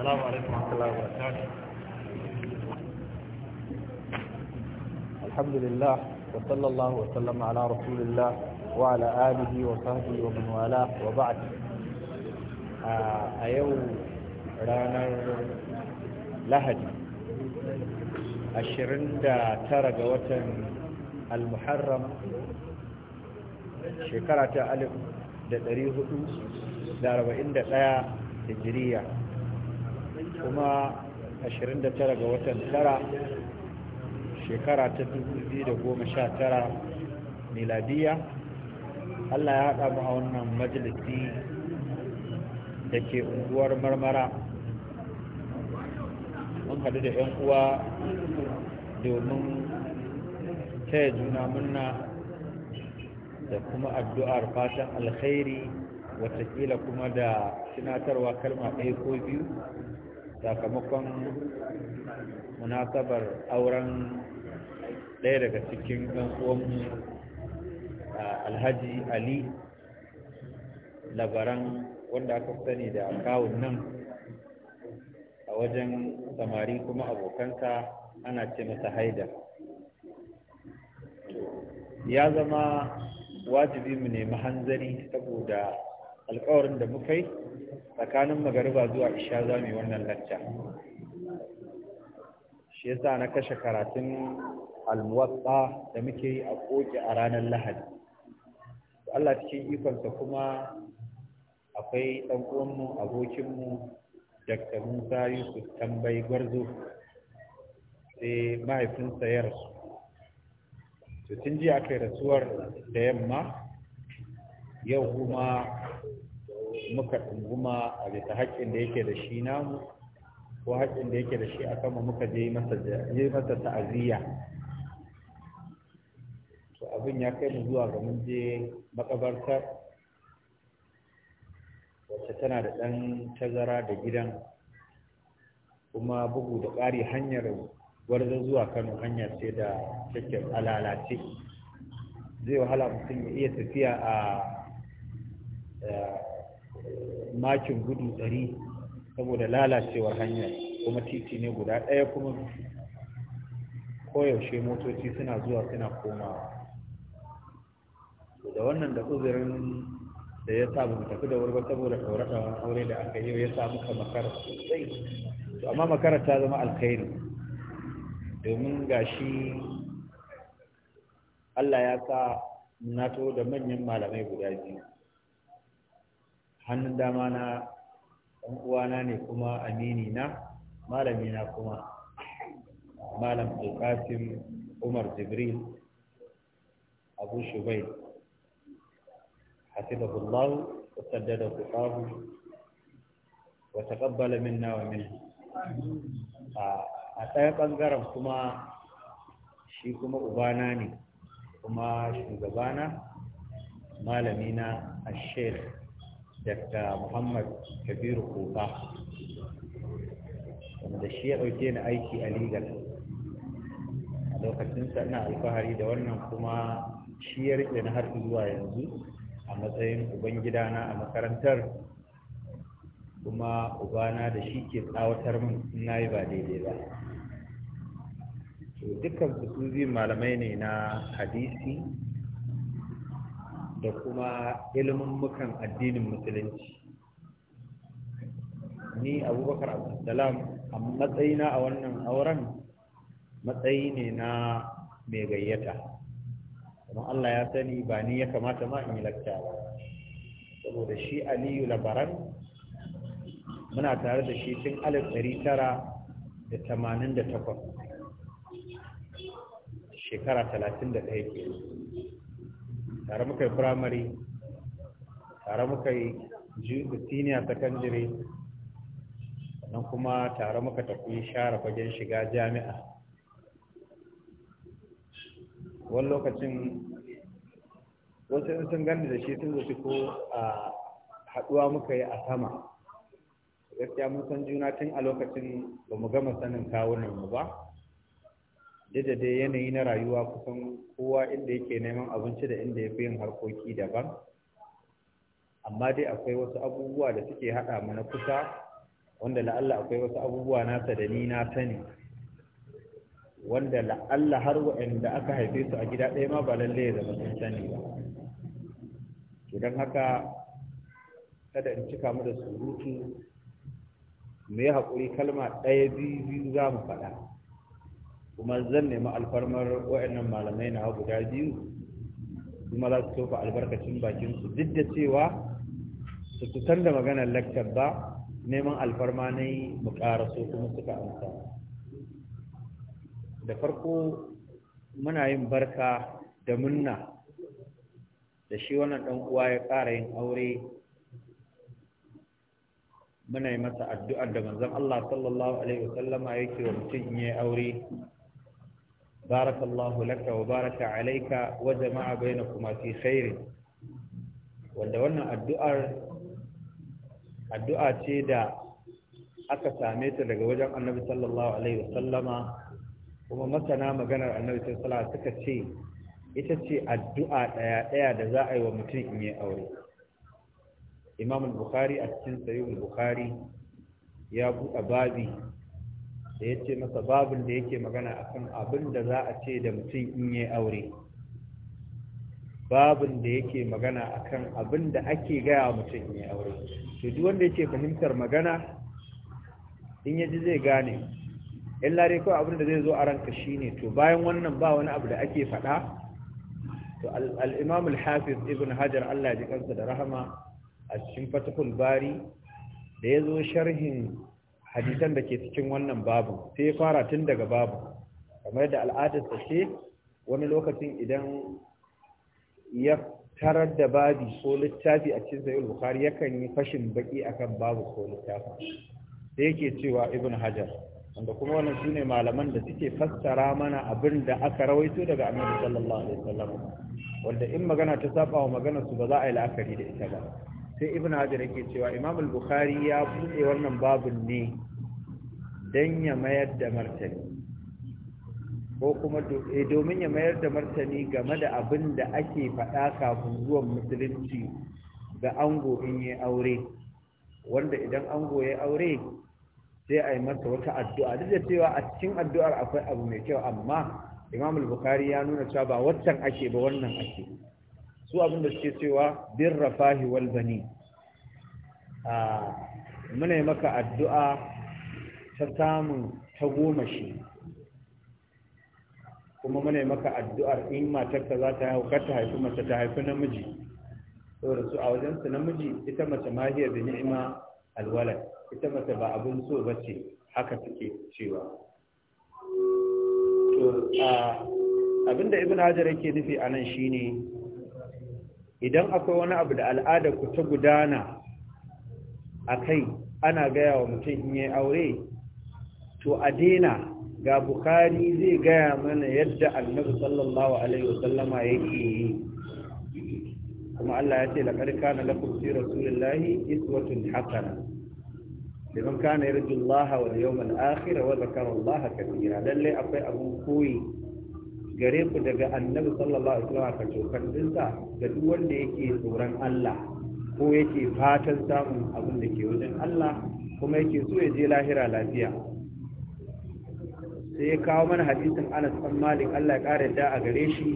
السلام عليكم ورحمة الله وبركاته الحمد لله وصلى الله وسلم على رسول الله وعلى آله وصحبه ومن والاه وبعد a yau ranar lahadi 29 ga watan al-muharram shekara ta 1441 hijiriya kuma 29 ga watan tara shekara ta 2019 miladiya allah ya haɗa mu a wannan majalisi da ke unguwar marmara mun haɗu da 'yan uwa domin taya juna munna da kuma addu'ar fatan alkhairi watakila kuma da tunatarwa kalma ɗaya ko biyu sakamakon munasabar auren ɗaya daga cikin ɗan'uwanmu alhaji ali labaran wanda aka sani da kawun nan a wajen samari kuma abokansa ana ce masa haida ya zama wajibi mu nemi hanzari saboda alkawarin da muka yi tsakanin magariba zuwa isha za mu yi wannan lacca shi yasa na kashe karatun almuwatsa da muke yi a koki a ranar lahadi Allah cikin ikonsa kuma akwai ɗan uwanmu abokinmu da Musa Yusuf tambayi gwarzo sai mahaifinsa ya rasu. To tun jiya aka yi rasuwar da yamma yau kuma muka tunguma a bisa haƙƙin da yake da shi namu ko haƙƙin da yake da shi a kama muka je masa ta'aziyya to abin ya kai mu zuwa ga mun je makabartar wacce tana da ɗan tazara da gidan kuma bugu da ƙari hanyar gwarza zuwa kano hanya ce da cikin alalace zai wahala mutum ya iya tafiya a Eh, makin gudu ɗari saboda lalacewar hanya kuma titi ne guda ɗaya kuma koyaushe motoci suna zuwa suna komawa da wannan da uzurin da ya sa mu tafi da wuri ba saboda ɗaure aure da aka yi ya sa muka makara sosai to amma makara ta zama alkhairi domin gashi Allah ya sa na to da manyan malamai guda biyu hannun dama na ɗan uwana ne kuma amini na malami na kuma malam alkasim umar jibril abu shubai hasibahullahu wa saddada kufahu wata ƙabbala min nawa min a ɗaya ɓangaren kuma shi kuma ubana ne kuma shugabana malamina a sheikh Dr. Muhammad Kabiru Kofa wanda shi ya ɗauke ni aiki a Legal a lokacin sana ina alfahari da wannan kuma shi ya riƙe na har zuwa yanzu a matsayin uban gidana a makarantar kuma ubana da shi ke tsawatar min na yi ba daidai ba dukkan su malamai ne na hadisi da kuma ilimin mukan addinin musulunci ni abubakar abdulsalam a matsayina a wannan auren matsayi ne na mai gayyata kuma Allah ya sani ba ni ya kamata ma in yi lakta ba saboda shi aliyu labaran muna tare da shi tun alif ɗari tara da tamanin da takwas shekara talatin da ɗaya ke tare muka yi firamare tare muka yi senior secondary sannan kuma tare muka tafi share fagen shiga jami'a wani lokacin wasu sun gani da shi sun zaci ko a haɗuwa muka yi a sama gaskiya mun san juna tun a lokacin ba mu gama sanin kawunan mu ba duk da dai yanayi na rayuwa kusan kowa inda yake neman abinci da inda ya fi yin harkoki daban amma dai akwai wasu abubuwa da suke haɗa mu na kusa wanda la'alla akwai wasu abubuwa nasa da ni na sani wanda la'alla har waanda aka haife su a gida ɗaya ma ba lalle ya zama sun sani ba to don haka kada in cika mu da surutu mu yi haƙuri kalma ɗaya biyu biyu za mu faɗa kuma zan nemi alfarmar wa'annan malamai na guda biyu kuma za su tofa albarkacin bakin su duk da cewa su fitar da maganar lakcar ba neman alfarma na yi mu so kuma suka amsa da farko muna yin barka da munna da shi wannan dan uwa ya ƙara yin aure muna yi masa addu'ar da manzon Allah sallallahu alaihi wasallama yake wa mutum ya yi aure بارك الله لك وبارك عليك وجمع بينكما في خير wanda wannan addu'ar addu'a ce da aka same ta daga wajen annabi sallallahu alaihi wasallama kuma masana maganar annabi sallallahu alaihi suka ce ita ce addu'a ɗaya ɗaya da za a yi wa mutum in yi aure imam al-bukhari a cikin sahih al-bukhari ya buɗe babi da ya ce masa babin da yake magana akan abin da za a ce da mutum in yi aure babin da yake magana akan abin da ake gaya mutum in yi aure to duk wanda yake fahimtar magana in yaji zai gane in lare kawai abin da zai zo a ranka shi ne to bayan wannan ba wani abu da ake faɗa to al-imam al-hafiz ibn hajar Allah ya ji kansa da rahama a cikin fatahul bari da ya zo sharhin hadisan da ke cikin wannan babu sai ya fara tun daga babu kamar da al'adarsa ce wani lokacin idan ya tarar da babi ko littafi a cikin sayi bukari yakan yi fashin baki akan babu ko littafi sai yake cewa ibn hajar wanda kuma wannan su ne malaman da suke fassara mana abin da aka rawaito daga annabi sallallahu alaihi wasallam wanda in magana ta saba wa magana su ba za a yi la'akari da ita ba sai ibn hajar yake cewa imam al-bukhari ya buɗe wannan babun ne don ya mayar da martani ko kuma eh, domin ya mayar da martani game da abin da ake faɗa kafin zuwan musulunci ga ango in yi aure wanda idan ango ya aure sai a yi masa wata addu'a duk da cewa a cikin addu'ar akwai abu mai kyau amma imam al-bukhari ya nuna cewa ba waccan ake ba wannan ake su abin da suke cewa bin rafahi wal bani muna maka addu'a ta samun ta goma shi kuma muna maka addu'ar in matarka za ta haifu ta haifi mace ta haifi namiji saboda su a wajensu namiji ita mace mahiya da ni'ima alwala ita mace ba abin so ba ce haka suke cewa abinda ibn hajar yake nufi a nan shine idan akwai wani abu da al'ada ku ta gudana a kai ana gaya wa mutum in yi aure to a dena ga bukari zai gaya mana yadda annabi sallallahu alaihi wasallama yake yi kuma Allah ya ce laqad kana lakum fi rasulillahi iswatun hasana liman kana yarju Allah wal yawmal akhir wa dhakara Allah katira lalle akwai abun koyi gare ku daga annabi sallallahu alaihi wasallam ka tokan dinsa ga duk wanda yake tsoron Allah ko yake fatan samun abin da ke wajen Allah kuma yake so ya je lahira lafiya sai ya kawo mana hadisin Anas bin Malik Allah ya kare da a gare shi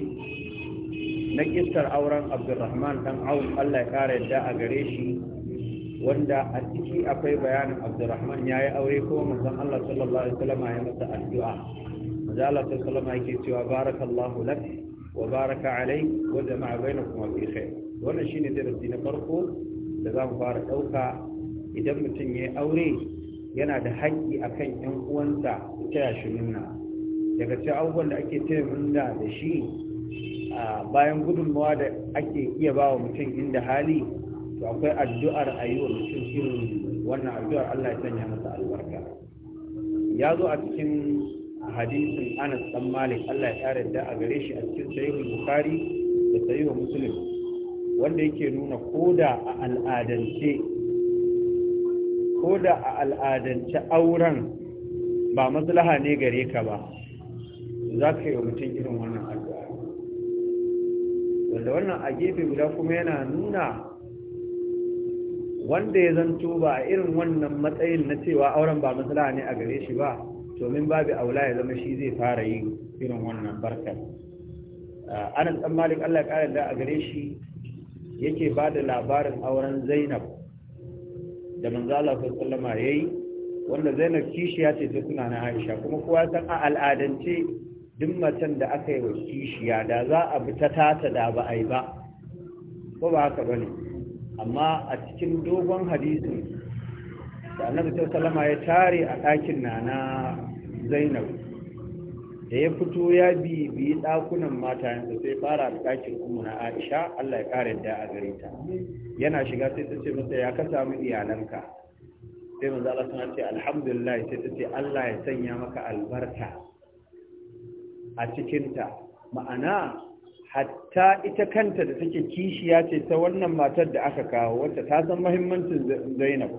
na kistar auren Abdulrahman dan Auf Allah ya kare da a gare shi wanda a ciki akwai bayanin Abdulrahman yi aure ko manzon Allah sallallahu alaihi wasallam ya masa addu'a manzon Allah sallallahu alaihi wasallam yake cewa barakallahu lak Wabaraka baraka alai wa jama'a bainakum fi khair wannan shine darasi na farko da za mu fara ɗauka idan mutum ya aure yana da haƙƙi akan yan uwansa su taya shi nuna daga cikin abubuwan da ake taya nuna da shi bayan gudunmawa da ake iya ba wa mutum inda hali to akwai addu'ar a yi wa mutum irin wannan addu'ar Allah ya sanya masa albarka ya zo a cikin hadisin Anas dan Malik Allah ya kare da a gare shi a cikin sahihul Bukhari da sahihul Muslim wanda yake nuna koda a al'adance koda a al'adance auren ba maslaha ne gare ka ba za ka yi wa mutum irin wannan addu'a wanda wannan a gefe guda kuma yana nuna wanda ya zanto ba a irin wannan matsayin na cewa auren ba maslaha ne a gare shi ba Domin babu aula ya zama shi zai fara yin irin wannan barkar ah, anas dan malik Allah ya kare da a gare shi yake ba da labarin auren zainab da manzo Allah sallallahu alaihi wanda zainab kishiya ce ta na aisha kuma kowa san a al'adance duk matan da aka yi wa kishiya da za a bi ta tata da ba ai ba ko ba haka bane amma a cikin dogon hadisin da annabi sallama ya tare a ɗakin nana zainab da ya fito ya dakunan ɗakunan yanzu sai fara da ɗakin umu na aisha allah ya ƙara yadda a gare ta yana shiga sai ta ce masa ya ka samu iyalanka sai manzo Allah suna ce alhamdulillah sai ta ce allah ya sanya maka albarka a cikinta ma'ana hatta ita kanta da take kishiya ce ta wannan matar da aka kawo wacce ta san muhimmancin zainab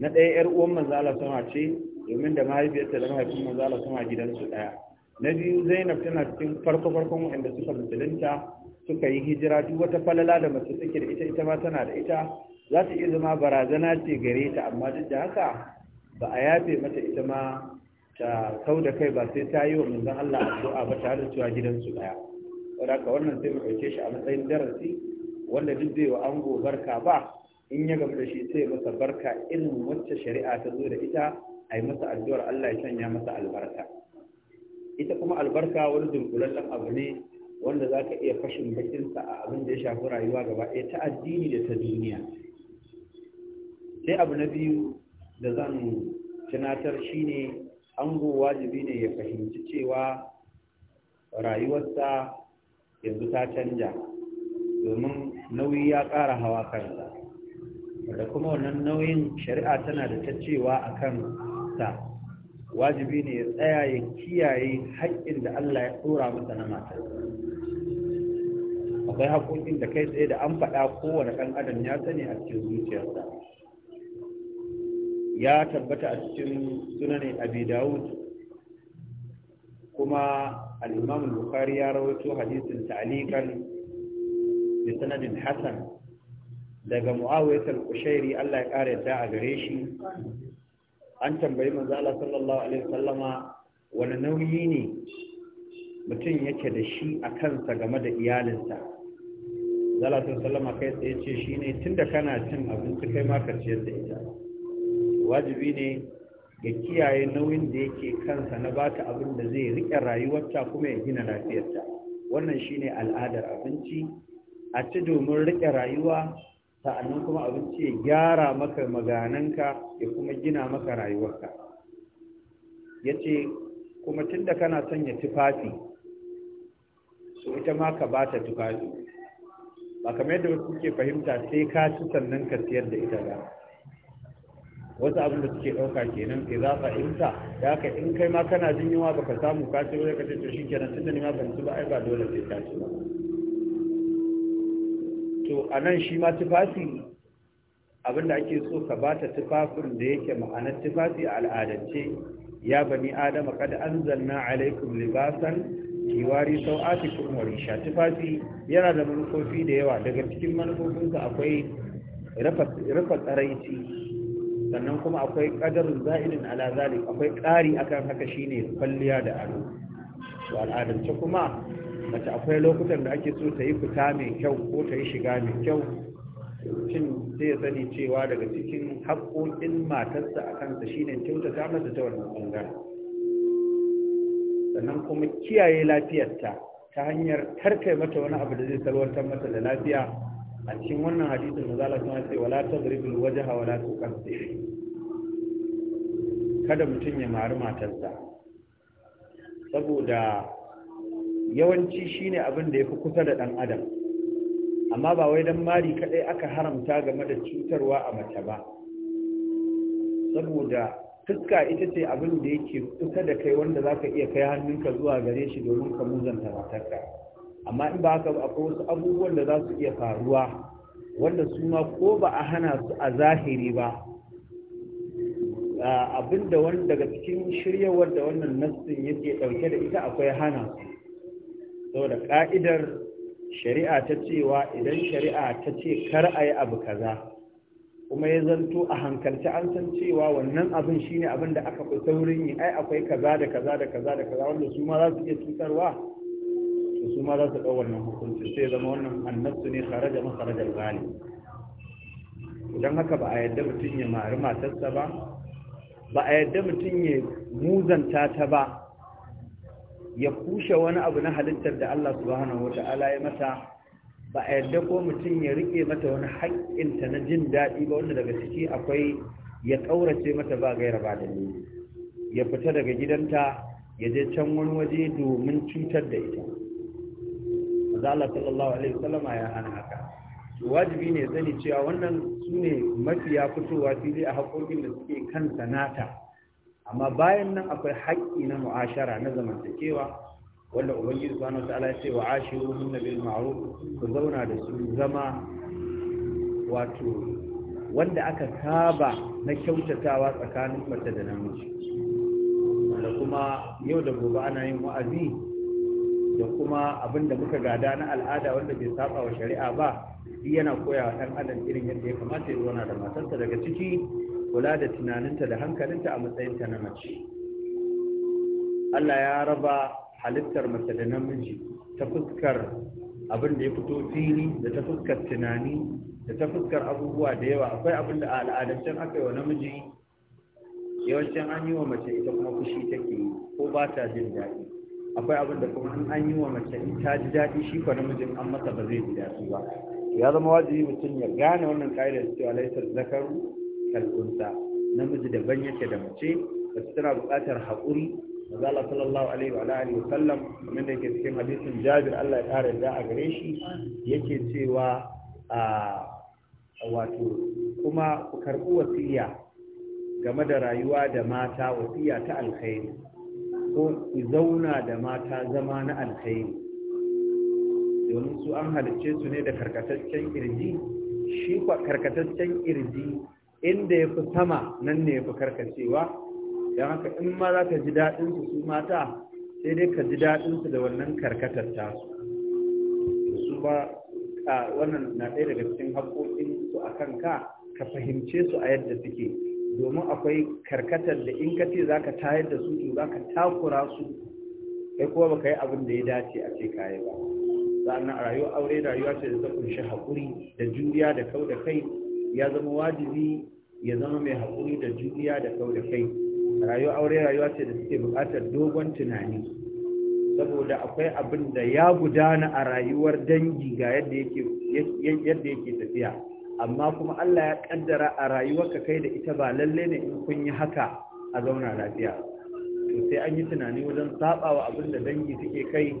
na ɗaya 'yar uwan manzo Allah sama ce domin da mahaifiyarta da mahaifin manzo Allah suna gidansu daya na biyu Zainab tana cikin farko farkon waɗanda suka musulunta suka yi hijira duk wata falala da mace take da ita ita ma tana da ita za ta iya zama barazana ce gare ta amma duk da haka ba a yafe mata ita ma ta kau da kai ba sai ta yi wa manzon Allah addu'a ba tare da cewa gidansu daya saboda wannan sai mu ɗauke shi a matsayin darasi wanda duk zai wa ango barka ba in ya gamu da shi sai masa barka irin wacce shari'a ta zo da ita a yi masa addu'ar Allah ya sanya masa albarka ita kuma albarka wani dunkulallen abu ne wanda za ka iya fashin bakinsa a abin da ya shafi rayuwa gaba ɗaya ta addini da ta duniya sai abu na biyu da zan tunatar shine ango wajibi ne ya fahimci cewa rayuwarsa yanzu ta canja domin nauyi ya ƙara hawa kansa da kuma wannan nauyin shari'a tana da ta cewa akan mata wajibi ne ya tsaya ya kiyaye haƙƙin da Allah ya tsora masa na mata akwai haƙoƙin da kai tsaye da an faɗa kowane ɗan adam ya sani a cikin zuciyarsa ya tabbata a cikin sunanin abi dawud kuma al-imam bukhari ya rawaito hadisin ta'liqan bi sanadin hasan daga muawiyah al Allah ya kare ta a gare shi an tambayi manzo Allah sallallahu alaihi wasallama wani nauyi ne mutum yake da shi a kansa game da iyalinsa zala ta sallama kai tsaye ce shi ne tun da kana cin abinci kai ma ka ciyar da ita wajibi ne ya kiyaye nauyin da yake kansa na bata abin da zai riƙe rayuwarta kuma ya gina lafiyarta wannan shine al'adar abinci a ci domin riƙe rayuwa sa'annan kuma abinci ya gyara maka magananka ya kuma gina maka rayuwarka ya ce kuma tun da kana sanya tufafi so ita ma ka ba ta tufafi ba kamar yadda wasu suke fahimta sai ka ci sannan ka siyar da ita ba wasu abin da suke ɗauka kenan sai za ka imta da haka in kai ma kana jin yunwa baka samu kashe wajen ka ce to shi kenan tun da ni ma ban ci ba ai ba dole sai ka ci ba to a nan shi ma tufafi abinda ake so ka ba ta tufafin da yake ma'anar tufafi a al'adance ya bani adama kad anzalna alaikum libasan kiwari sau'atikum wa sha tufafi yana da manufofi da yawa daga cikin manufofinsa akwai rufa tsaraici sannan kuma akwai ƙadarin za'ilin ala zalik akwai ƙari akan haka shine kwalliya da ado to al'adance kuma mace akwai lokutan da ake so ta yi fita mai kyau ko ta yi shiga mai kyau shin sai ya sani cewa daga cikin haƙoƙin matarsa a kansa shine kyautata masa ta wannan ɓangare sannan kuma kiyaye lafiyarta ta hanyar tarkai mata wani abu da zai salwantar mata da lafiya a cikin wannan hadisin da zala kuma sai wala tadribul wajha wala tuqassir kada mutum ya mari matarsa saboda yawanci shine abin da fi kusa da dan adam amma ba wai dan mari kaɗai aka haramta game da cutarwa a mace ba saboda fuska ita ce abin da yake kusa da kai wanda zaka iya kai hannunka zuwa gare shi domin ka muzanta matarka amma in ba haka ba akwai wasu abubuwan da za su iya faruwa wanda su ma ko ba a hana su a zahiri ba abinda wani daga cikin shiryawar da wannan nassin yake ɗauke da ita akwai hana su saboda ƙa'idar shari'a ta cewa idan shari'a ta ce kar a yi abu kaza kuma ya zanto a hankalci an san cewa wannan abin shine abin da aka fi saurin yi ai akwai kaza da kaza da kaza da kaza wanda su ma za su iya cutarwa to su ma za su ɗau wannan hukunci sai zama wannan annabtu ne kharaja ma da gali idan haka ba a yadda mutum ya mari matarsa ba ba a yadda mutum ya muzanta ta ba ya kushe wani abu na halittar da Allah subhanahu wata'ala ya mata ba a yadda ko mutum ya rike mata wani haƙƙinta na jin daɗi ba wanda daga ciki akwai ya ƙaurace mata ba gaira ba da ya fita daga gidanta ya je can wani waje domin cutar da ita maza Allah sallallahu alaihi wasallama ya hana haka wajibi ne sani cewa wannan su ne mafiya fitowa fili a haƙoƙin da suke kan sanata amma bayan nan akwai haƙƙi na mu'ashara na zamantakewa wanda ubangiji subhanahu ta'ala ya ce wa ashiruhunna bil ma'ruf ku zauna da su zama wato wanda aka saba na kyautatawa tsakanin mace da namiji da kuma yau da gobe ana yin wa'azi da kuma abin da muka gada na al'ada wanda bai saba wa shari'a ba yana koya wa ɗan adam irin yadda ya kamata ya zauna da matarsa daga ciki kula da tunaninta da hankalinta a matsayinta na mace Allah ya raba halittar mace da namiji ta fuskar abin da ya fito fili da ta fuskar tunani da ta fuskar abubuwa da yawa akwai abin da al'adancin aka yi wa namiji yawancin an yi wa mace ita kuma fushi take ko ba ta jin daɗi akwai abin da kuma an yi wa mace in ta ji daɗi shi ko namijin an masa ba zai ji daɗi ba ya zama wajibi mutum ya gane wannan ƙa'idar cewa laifin zakaru kal'unsa namiji daban yake da mace mace tana buƙatar haƙuri maza Allah sallallahu alaihi wa alihi sallam kamar da yake cikin hadisin Jabir Allah ya ƙara da a gare shi yake cewa a wato kuma ku karɓi wasiya game da rayuwa da mata wasiya ta alkhairi ko ku zauna da mata zama na alkhairi domin su an halicce su ne da karkataccen kirji shi kwa karkataccen kirji inda ya fi sama nan ne ya fi karkacewa don haka in ma za ka ji daɗinsu su mata sai dai ka ji daɗinsu da wannan karkatar ta su ba wannan na ɗaya daga cikin haƙoƙin su a kanka ka fahimce su a yadda suke domin akwai karkatar da in ka ce za ka tayar da su to za ka takura su kai kuma baka yi abin da ya dace a ce kayi ba sa'annan a rayuwar aure rayuwa ce da ta kunshi hakuri da juriya da kau da kai ya zama wajibi ya zama mai haƙuri da juriya da kau da kai rayuwa aure rayuwa ce da suke buƙatar dogon tunani saboda akwai abin da ya gudana a rayuwar dangi ga yadda yake tafiya amma kuma Allah ya ƙaddara a ka kai da ita ba lalle ne in kun yi haka a zauna lafiya to sai an yi tunani wajen sabawa abin da dangi suke kai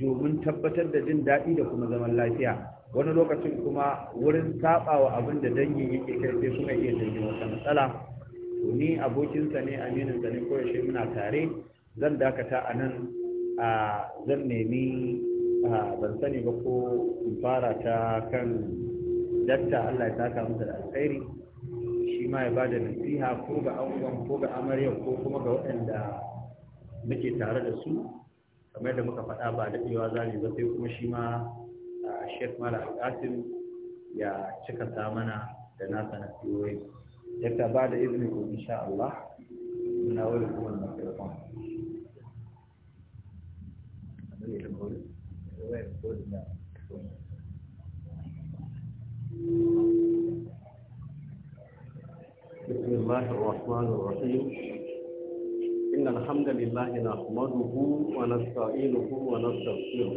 domin tabbatar da jin daɗi da kuma zaman lafiya wani lokacin kuma wurin saba wa abin da dangin yake kai sai kuma iya dangin wata matsala to ni abokinsa ne aminin sa ne ko yaushe muna tare zan dakata a nan a zan nemi ban sani ba ko in fara ta kan datta Allah ya saka masa da alkhairi shi ma ya bada nasiha ko ga abubuwan ko ga amaryar ko kuma ga waɗanda muke tare da su kamar yadda muka faɗa ba daɗewa za ba sai kuma shi ma الشيخ مالك قاسم يا شكا سامنا تناسا نفسي حتى بعد إذنكم إن شاء الله نناولكم الميكروفون بسم الله الرحمن الرحيم إن الحمد لله نحمده ونستعينه ونستغفره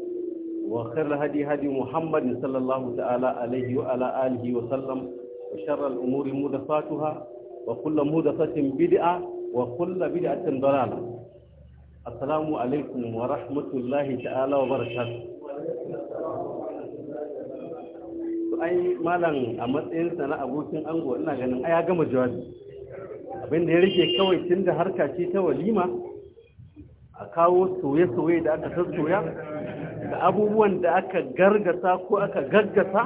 وخر هدي هدي محمد صلى الله تعالى عليه وعلى آله وسلم وشر الأمور مدفاتها وكل مدفة بدعة وكل بدعة ضلالة السلام عليكم wa الله تعالى وبركاته ai malam a matsayin sa na abokin ango ina ganin ai gama jawabi Abinda ya rike kawai tun da harka ce ta walima a kawo soye-soye da aka sassoya da abubuwan da aka gargasa ko aka gaggasa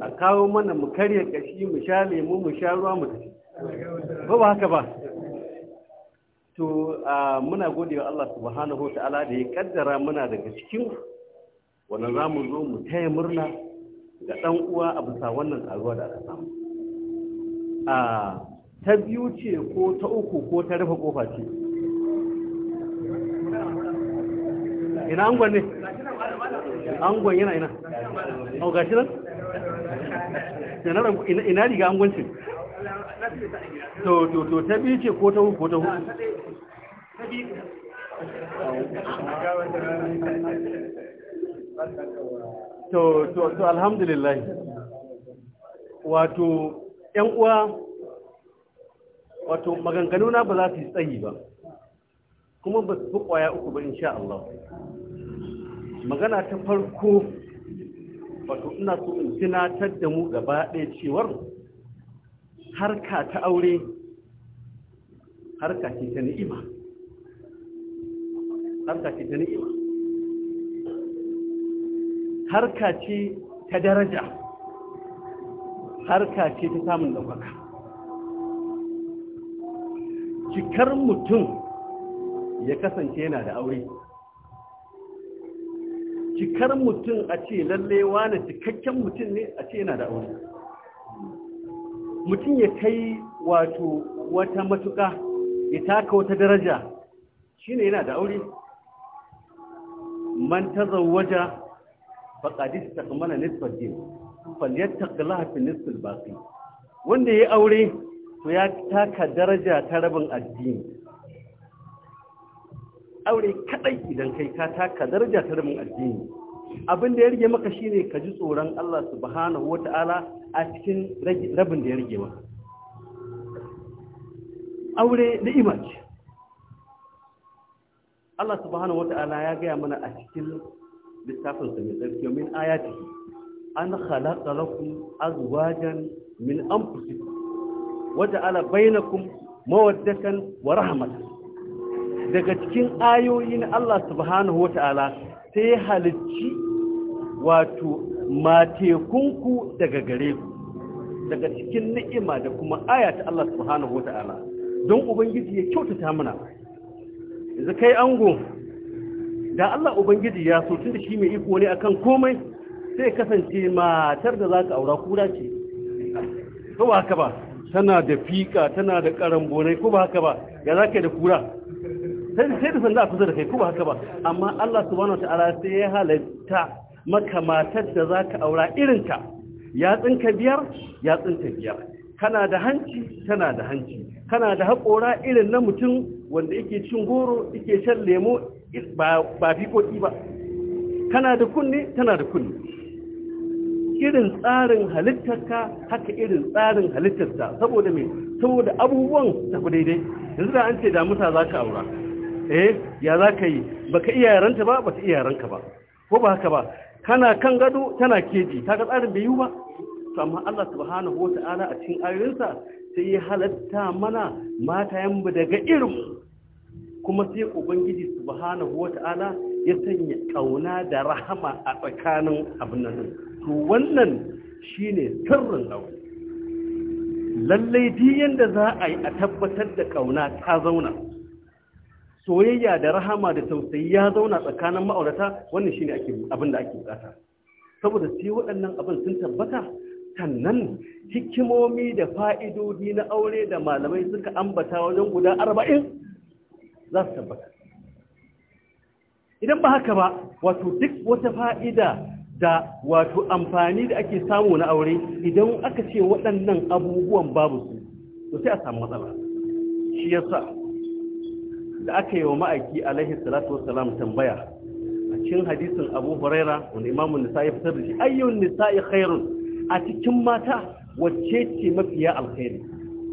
a kawo mana mu karya kashi mu sha lemu mu sha ruwa mu tafi ba ba haka ba to muna gode wa Allah subhanahu wa ta'ala da ya kaddara muna daga cikin wanda za mu zo mu taya murna ga ɗan uwa a bisa wannan karuwa da aka samu a ta biyu ce ko ta uku ko ta rufe kofa ce ina an gwanne angon yana ina au gashi nan yana ina riga angoncin to to to ta biyu ce ko ta hudu ko ta hudu to to to alhamdulillah wato 'yan uwa wato maganganu na ba za su yi tsayi ba kuma ba su fi ƙwaya uku ba insha Allah magana ta farko wato ina so in tunatar da mu gaba ɗaya cewar harka ta aure harka ce ta ni'ima harka ce ta ni'ima harka ce ta daraja harka ce ta samun ɗaukaka cikar mutum ya kasance yana da aure cikar mutum a ce lalle wane cikakken mutum ne a ce yana da aure mutum ya kai wato wata matuƙa ya taka wata daraja shi ne yana da aure man tazawwaja faqad istakmala nisfar din falyattaqillaha fi nisfil baqi wanda ya aure to ya taka daraja ta rabin addini aure kadai idan kai ka taka daraja ta rabin addini abin da ya rige maka shine ka ji tsoron Allah subhanahu wata'ala a cikin rabin da ya rige maka aure da Imaji, Allah subhanahu wata'ala ya gaya mana a cikin littafin sa mai tsarki min ayati an khalaqa lakum azwajan min anfusikum ja'ala bainakum mawaddatan wa rahmatan daga cikin ayoyi na Allah subhanahu wata'ala sai halicci wato matekunku daga gare ku daga cikin ni'ima da kuma aya ta Allah subhanahu wata'ala don ubangiji ya kyautata mana yanzu kai ango da Allah ubangiji ya so tunda shi mai iko ne akan komai sai kasance matar da zaka aura kura ce ko ba haka ba tana da fika tana da karambonai ko ba haka ba ya zaka da kura sai sai da sanda a kusa da kai kuma haka ba amma Allah subhanahu wataala sai ya halatta maka matar da zaka aura irin ta. ya tsinka biyar tsinka biyar kana da hanci tana da hanci kana da haƙora irin na mutum wanda yake cin goro yake shan lemo ba fiƙoƙi ba kana da kunne tana da kunne irin tsarin halittarka haka irin tsarin halittarta saboda mai saboda abubuwan tafi daidai yanzu da an ce damuta za ka aura eh ya za ka yi baka iya yaranta ba bata iya yaranka ba ko ba haka ba kana kan gado tana keji ta ga tsarin bai yi ba to amma Allah subhanahu wata'ala a cikin ayoyinsa sai ya halatta mana matayen mu daga irin kuma sai ubangiji subhanahu wata'ala ya sanya kauna da rahama a tsakanin abin nan to wannan shine sirrin aure lallai duk yanda za a yi a tabbatar da kauna ta zauna soyayya da rahama da tausayi ya zauna tsakanin ma'aurata wannan shine ake abin da ake bukata saboda sai waɗannan abin sun tabbata sannan hikimomi da fa'idodi na aure da malamai suka ambata wajen guda arba'in za su tabbata idan ba haka ba wato duk wata fa'ida da wato amfani da ake samu na aure idan aka ce waɗannan abubuwan babu su to sai a samu matsala shi yasa da aka yi wa ma'aiki alaihi salatu wassalam tambaya a cikin hadisin abu huraira wanda imamu nisa ya fitar da shi ayyun nisa khairun a cikin mata wacce ce mafiya alkhairi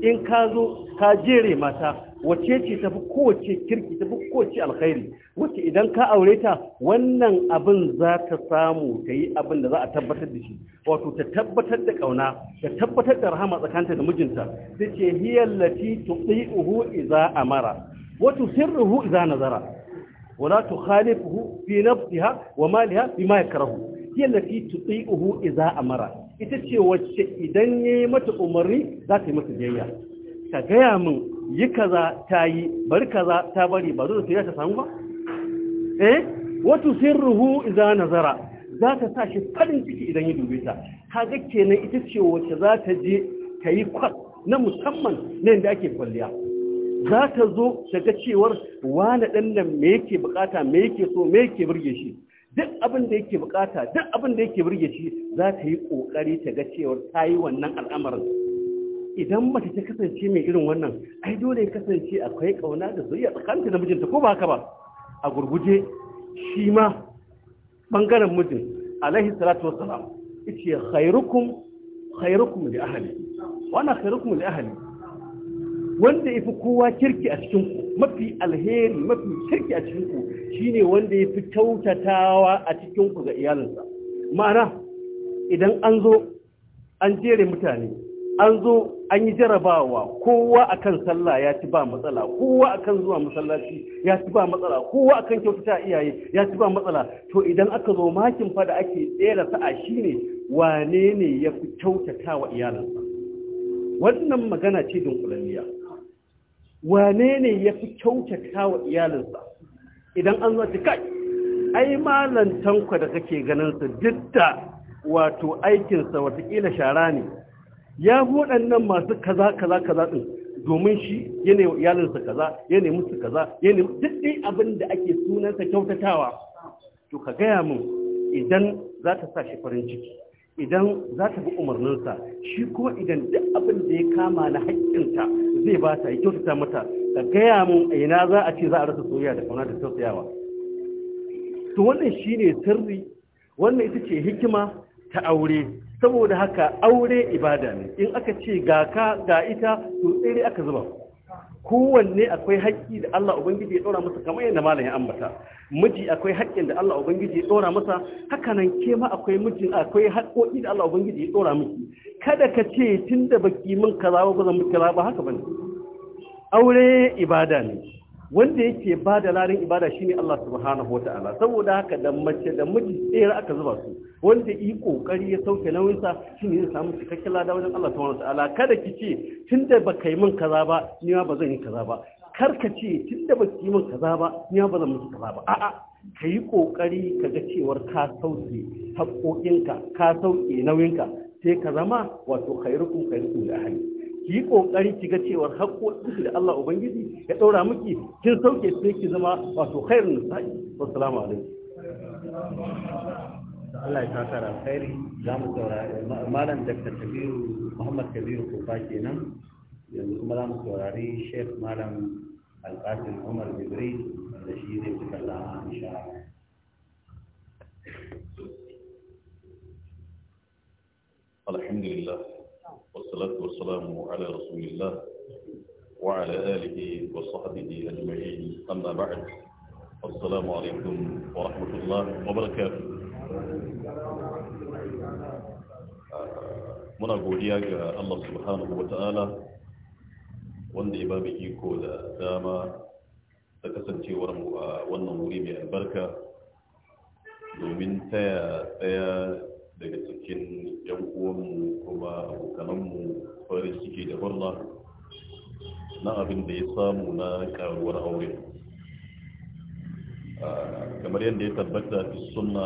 in ka zo ka jere mata wacce ce tafi kowace kirki tafi kowace alkhairi wacce idan ka aure ta wannan abin za ta samu ta yi abin da za a tabbatar da shi wato ta tabbatar da kauna ta tabbatar da rahama tsakanta da mijinta ta ce hiyallati tuqi'uhu idza amara وتسره إذا نظر ولا تخالفه في نفسها ومالها بما يكره هي التي تطيئه إذا أمر itace wacce idan ya yi mata umarni za ta yi mata biyayya ta gaya min yi kaza ta yi bari kaza ta bari ba zuwa ta samu ba eh wato sun ruhu za nazara za ta sa shi farin ciki idan ya dube ta ka kenan ita ce wacce za ta je ta yi kwas na musamman na yadda ake kwalliya za ta zo ta ga cewar wane ɗan nan me yake bukata me yake so me yake burge shi duk abin da yake bukata duk abin da yake burge shi za ta yi ƙoƙari ta ga cewar ta yi wannan al'amarin idan mace ta kasance mai irin wannan ai dole ya kasance akwai ƙauna da a tsakanta da mijinta ko ba haka ba a gurguje shi ma bangaren mijin alaihi salatu wassalam yace khairukum khairukum li ahli wa ana khairukum li ahli wanda ya fi kowa kirki a cikinku mafi alheri mafi kirki a cikin ku shine wanda ya fi kyautatawa a cikinku ga iyalinsa ma'ana idan an zo an jere mutane an zo an yi jarabawa kowa akan sallah ya ci ba matsala kowa akan zuwa masallaci ya ci ba matsala kowa akan kyautata iyaye ya ci ba matsala to idan aka zo makin fa da ake tsere sa'a shine wane ne ya fi kyautata wa iyalinsa wannan magana ce dunkulaniya. wane ne ya fi kyautata wa iyalinsa idan an zuwa kai ai malantanku da kake ganinsa duk da wato aikinsa watakila shara ne ya waɗannan masu kaza kaza kaza ɗin domin shi ya nemi iyalinsa kaza ya nemi kaza ya nemi duk abin da ake sunansa kyautatawa to ka gaya min idan za ta sa shi farin ciki idan za ta bi umarninsa shi kuma idan duk abin da ya kama na haƙƙinta zai ba ta ya kyautata mata ka gaya mun a ina za a ce za a rasa soyayya da kauna da tausayawa to wannan shine sirri wannan ita ce hikima ta aure saboda haka aure ibada ne in aka ce ga ka ga ita to tsere aka zuba kowanne akwai haƙƙi da Allah Ubangiji ya ɗora masa kamar yadda malam ya ambata miji akwai haƙƙin da Allah Ubangiji ya ɗora masa haka nan ke ma akwai mijin akwai haƙƙoƙi da Allah Ubangiji ya ɗora miki kada ka ce tun da baki min kaza ba zan miki ba haka bane aure ibada ne wanda yake ba da larin ibada shine Allah subhanahu wa ta'ala saboda haka da mace da miji tsere aka zuba su wanda yi kokari ya sauke nauyinsa shine zai samu cikakken lada wajen Allah subhanahu wa ta'ala kada ki ce tunda ba kai min kaza ba ni ma ba zan yi kaza ba kar ka ce tunda ba ki min kaza ba ni ma ba zan miki kaza ba a'a ka yi kokari ka ga cewar ka sauke haƙoƙinka ka sauke nauyinka sai ka zama wato khairukum khairukum da ahli ki yi kokari ki ga cewa duk da Allah ubangiji ya ɗaura miki kin sauke sai ki zama wato khairun nisa'i wassalamu alaikum Allah ya saka ran khairi za mu saurari malam Dr. Kabiru Muhammad Kabiru Kofa kenan yanzu kuma za mu saurari Sheikh Malam Al-Qasim Umar Jibril da shi zai fi kallama insha Allah الحمد لله والصلاة والسلام على رسول الله وعلى آله وصحبه أجمعين أما بعد السلام عليكم ورحمة الله وبركاته من أقول ياك الله سبحانه وتعالى وان إبابه يقول داما تكسنتي ورم ونموري من البركة ومن تيا daga cikin yan uwanmu kuma abokananmu farin ciki da barna na abin da ya samu na karuwar aure kamar yadda ya tabbata fi suna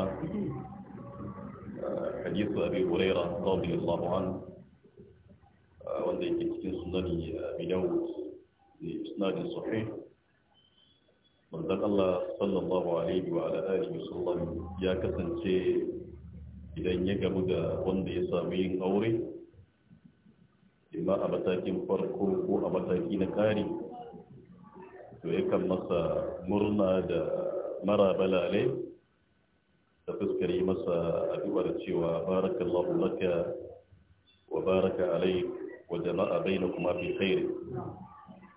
hadisu abi huraira radiyallahu anhu wanda yake cikin sunani abi dawud da isnadin sahih manzon Allah sallallahu alaihi wa ala'ari musulman ya kasance idan ya gamu da wanda ya samu yin aure ima a matakin farko ko a mataki na ƙari to yakan masa murna da balale ta fuskar yi masa abubuwar cewa barakallahu laka wa baraka alai wa jama'a kuma fi khair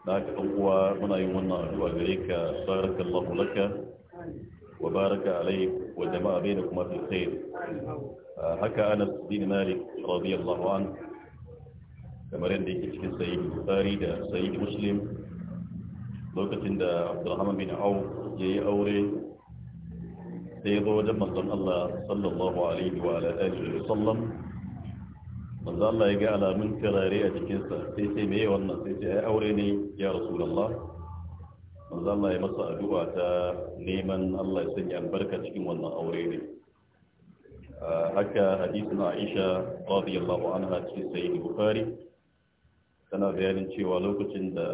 da haka kuwa muna yin wannan addu'a gare ka barakallahu وبارك عليه وجمع بينكما في الخير آه، حكى أنس بن مالك رضي الله عنه كما رندي كتكين سيد البخاري دا سيد مسلم لوكتين دا عبد الرحمن بن عوف جي أوري سيدو جمع الله صلى الله عليه وعلى آله وسلم manzo الله يجعل من alamun kirare a jikinsa sai أوريني يا رسول الله manzo Allah ya masa addu'a ta neman Allah ya sanya albarka cikin wannan aure ne haka hadisin Aisha radiyallahu anha cikin sahih Bukhari tana bayanin cewa lokacin da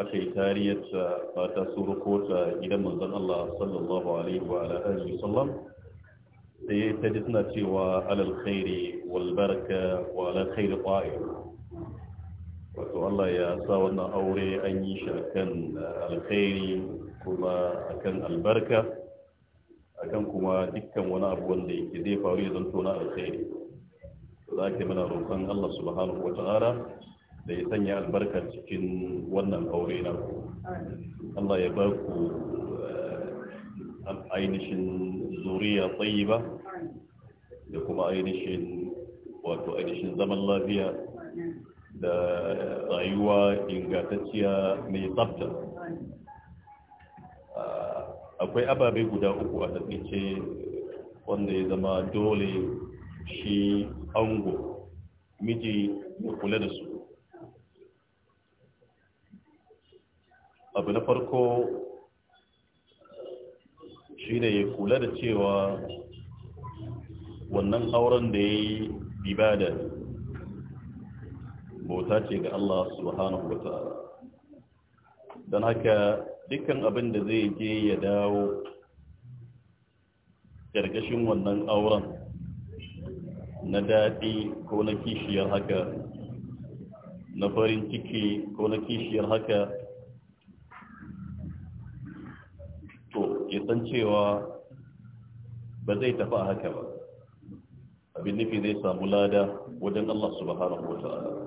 aka yi tariyarta ba ta suruko ta gidan manzon Allah sallallahu alaihi wa alihi sai ta ji suna cewa alal khairi wal baraka wa ala khairi qa'im wato Allah ya sa wannan aure an yi shi akan alkhairi kuma akan albarka akan kuma dukkan wani abu wanda yake zai faru ya zanto na alkhairi za ka mana roƙon Allah subhanahu wata'ala da ya sanya albarka cikin wannan aure na Allah ya ba ku eh, ainihin zuriya tsayi ba da kuma ainihin wato ainihin zaman lafiya da rayuwa ingantacciya mai tsabta akwai ababe guda uku a takaice wanda ya zama dole shi ango miji ya kula da su abu na farko shi ne ya kula da cewa wannan auren da ya yi ibada bauta ce ga Allah subhanahu wa ta'ala don haka dukkan abin da zai je ya dawo ƙarƙashin wannan auren na daɗi ko na kishiyar haka na farin ciki ko na kishiyar haka to ya san cewa ba zai tafi a haka ba abin nufi zai samu lada wajen Allah subhanahu wa ta'ala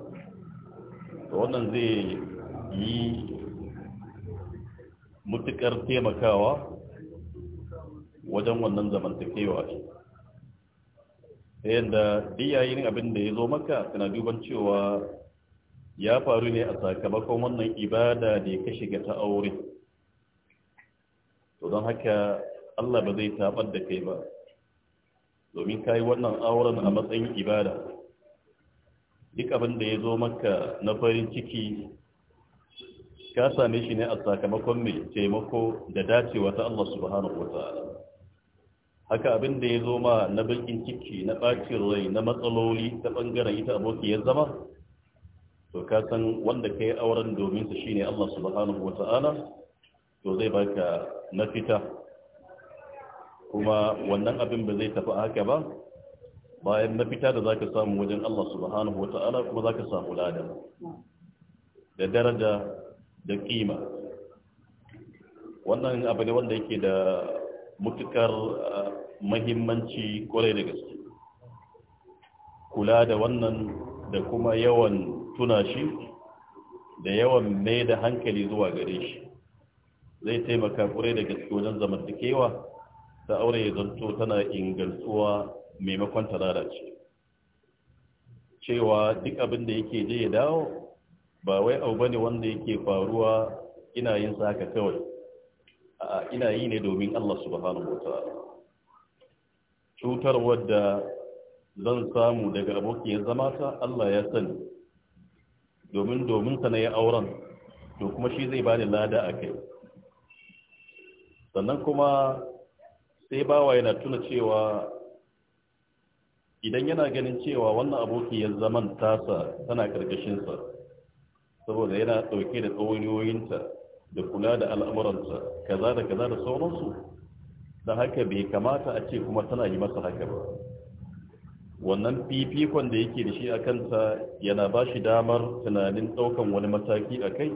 to wannan zai yi mutukar taimakawa wajen wannan zamantakewa ta yadda diyayin abin da ya zo maka suna duban cewa ya faru ne a sakamakon wannan ibada da ya kashe ga aure to don haka Allah ba zai tabar da kai ba domin ka yi wannan auren a matsayin ibada duk abin da ya zo maka na farin ciki ka same shi ne a sakamakon mai taimako da dacewa ta Allah subhanahu ta'ala haka abin da ya zo ma na bakin ciki na ɓacin rai na matsaloli ta bangaren ita aboki ya zama to ka san wanda ka yi auren domin su shine Allah subhanahu ta'ala to zai baka nafita kuma wannan abin ba zai tafi haka ba bayan na fita da zaka samu wajen Allah subhanahu Ta'ala kuma zaka samu lada da daraja da kima wannan abu ne wanda yake da mutukar ah, mahimmanci kwarai da gaske kula da wannan da kuma yawan tuna shi da yawan mai da hankali zuwa gare shi zai taimaka kwarai da gaske wajen zamantakewa ta aure ya zanto tana ingantuwa maimakon ta lalace cewa duk abin da yake je ya dawo ba wai abu bane wanda yake faruwa ina yin sa haka kawai a ina yi ne domin Allah subhanahu wataala cutar wadda zan samu daga ya zama ta Allah ya sani domin domin sa na ya auren to kuma shi zai bani lada a kai sannan kuma sai bawa yana tuna cewa idan yana ganin cewa wannan ya zaman tasa tana karkashinsa saboda yana dauke da tsawoniyoyinta da kula da al'amuransa kaza da kaza da sauransu da haka bai kamata a ce kuma tana yi masa haka ba wannan fifikon da yake da shi a kanta yana ba shi damar tunanin ɗaukan wani mataki a kai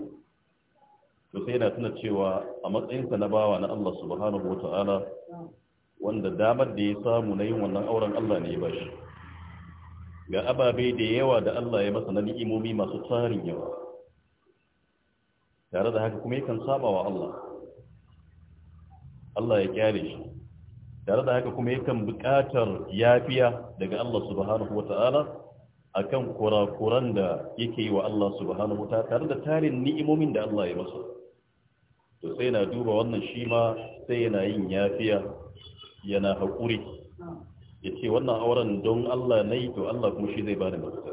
to sai yana tuna cewa a matsayinsa na bawa na Allah subhanahu wa ta'ala wanda damar da ya samu na yin wannan auren Allah ne ya ba shi ga ababe da yawa da Allah ya masa na ni'imomi masu tsarin yawa tare da haka kuma yakan saba wa Allah Allah ya kyale shi tare da haka kuma yakan buƙatar yafiya daga Allah subhanahu wata'ala akan kurakuran da yake yi wa Allah subhanahu wata'ala tare da tarin ni'imomin da Allah ya masa to sai na duba wannan shi ma sai yana yin yafiya yana haƙuri ya ce wannan auren don Allah na yi to Allah kuma shi zai ba da mafita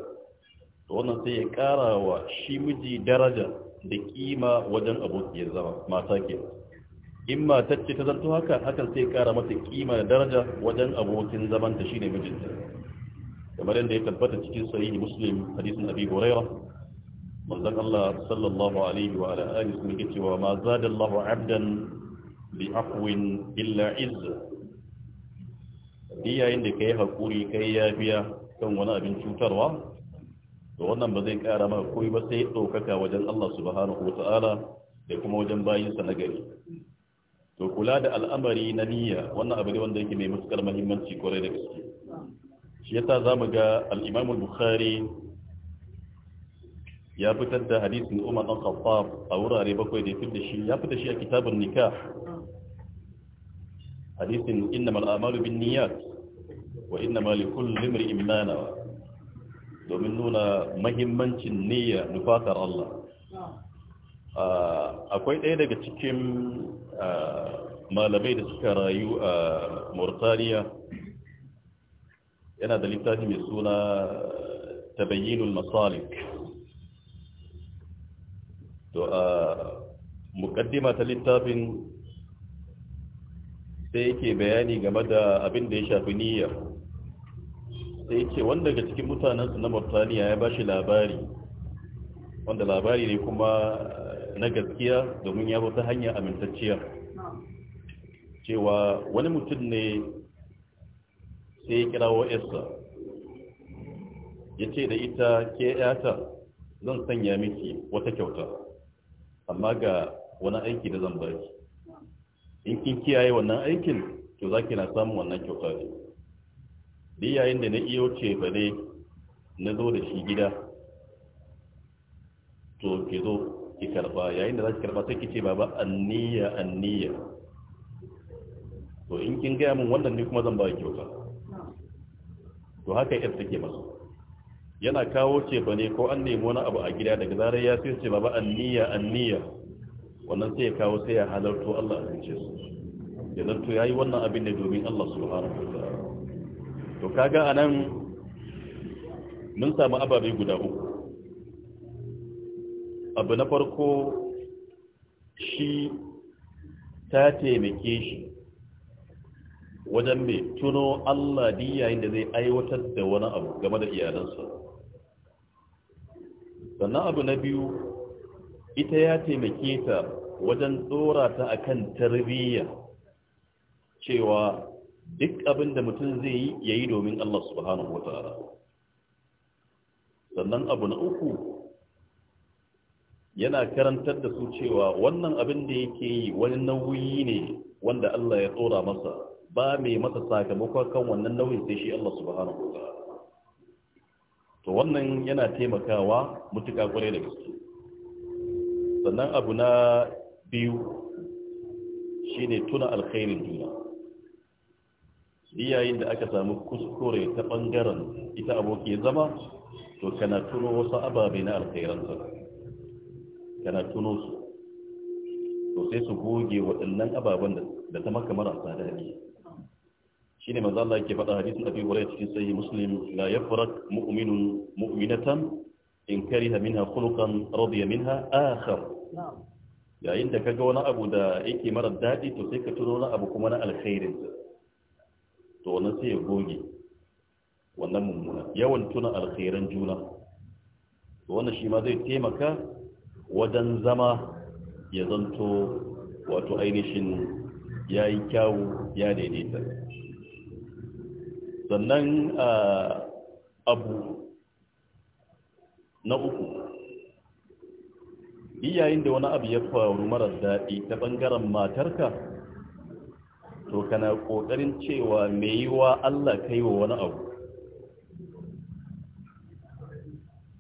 to wannan sai ya ƙara wa shi miji daraja da ƙima wajen abokiyar zama mata ke in matar ce ta zanto haka hakan sai ya ƙara mata ƙima da daraja wajen abokin zamanta shi ne mijinta kamar yadda ya tabbata cikin sahihi muslim hadisin abi huraira manzon Allah sallallahu alaihi wa alihi sun yake cewa ma zada Allahu abdan bi illa izza yayin da ka yi haƙuri ka yi yafiya kan wani abin cutarwa to wannan ba zai ƙara maka koyi ba sai ɗaukaka wajen Allah subhanahu wa ta'ala da kuma wajen bayinsa na gari to kula da al'amari na niyya wannan abu ne wanda yake mai matuƙar muhimmanci kwarai da gaske shi yasa za mu ga al bukhari ya fitar da hadisin Umar ɗan Khattab a wurare bakwai da ya fi da shi ya fitar da shi a kitabun nikah حديث إنما الأعمال بالنيات وإنما لكل امرئ ما نوى دومنونا مهمن النية نفاق الله أكويت أيضا كتكم ما لبيد سكر أيو آه، مرتانية أنا دليل تاني مسونا آه، تبيين المصالح دو آه، مقدمة للتابين sai yake bayani game da abin da ya shafi niyya sai yake wanda daga cikin mutanensu na murtaniya ya ba shi labari wanda labari ne kuma eh, na gaskiya domin ya bauta hanya amintacciya cewa wani mutum ne sai ya kirawo Esa. ya ce da ita ke yata zan sanya miki wata kyauta amma ga wani aiki da zan baki in kin kiyaye wannan aikin to za ki na samun wannan kyauta ne duk yayin da na iyo ce ba ne na zo da shi gida to ki zo ki karba yayin da za ki karba sai ki ce baba anniya anniya to in kin gaya min wannan ne kuma zan ba kyauta to haka yar take masa yana kawo ce ba ne ko an nemi wani abu a gida daga zarar ya sai ce baba anniya anniya wannan sai ya kawo sai ya halarto Allah a cikin su ya zarto yi wannan abin ne domin Allah subhanahu wataala to kaga anan mun samu ababe guda uku abu na farko shi ta taimake shi wajen mai tuno Allah di yayin da zai aiwatar da wani abu game da iyalansa sannan abu na biyu ita ya taimake ta wajen tsora ta akan tarbiyya cewa duk abin da mutum zai yi ya yi domin Allah subhanahu wa ta'ala sannan abu na uku yana karantar da su cewa wannan abin da yake yi wani nauyi ne wanda Allah ya tsora masa ba mai masa sakamakon kan wannan nauyin sai shi Allah subhanahu wa ta'ala to wannan yana taimakawa mutuka kwarai da gaske sannan abu na biyu shine tuna alkhairin juna iyayen da aka samu kuskure ta ɓangaren ita aboki zama to kana tuno wasu ababe na alkhairan sa kana tuno su to sai su goge waɗannan ababen da ta maka marasa Shi ne maza Allah ke faɗa hadisin Abi Hurairah cikin sahih Muslim na ya mu'minun mu'minatan in kari kariha minha khuluqan radiya minha akhar yayin da ka ga wani abu da yake mara daɗi to sai ka tuno wani abu kuma na alkhairin to wannan sai ya goge wannan mummuna yawan tuna alkhairan juna to wannan shi ma zai taimaka wajen zama ya zanto wato ainihin ya yi kyawu ya daidaita sannan ah, abu na uku yayin da wani abu ya faru marar daɗi ta ɓangaren matarka to kana ƙoƙarin cewa mai yi wa Allah kai wa wani abu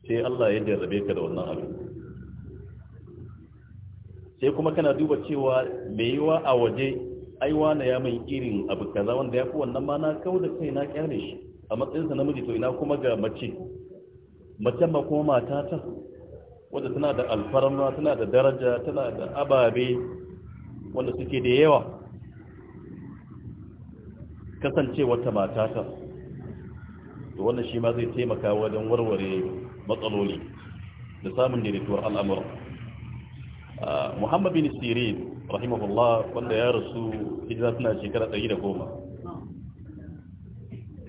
sai Allah ya jarrabe ka da wannan abu sai kuma kana duba cewa mai yi wa a waje aiwa na yamin irin abu kaza wanda ya fi wannan ma na kawo da kai na kyale shi a matsayinsa namiji to ina kuma ga mace mace ma kuma mata ta wadda tana da alfarma tana da daraja tana da ababe wanda suke da yawa kasance wata mata ta to wannan shi ma zai taimaka wajen warware matsaloli da samun daidaituwar al'amura muhammad bin sirin rahimahullah wanda ya rasu hijira tana shekara ɗari da goma.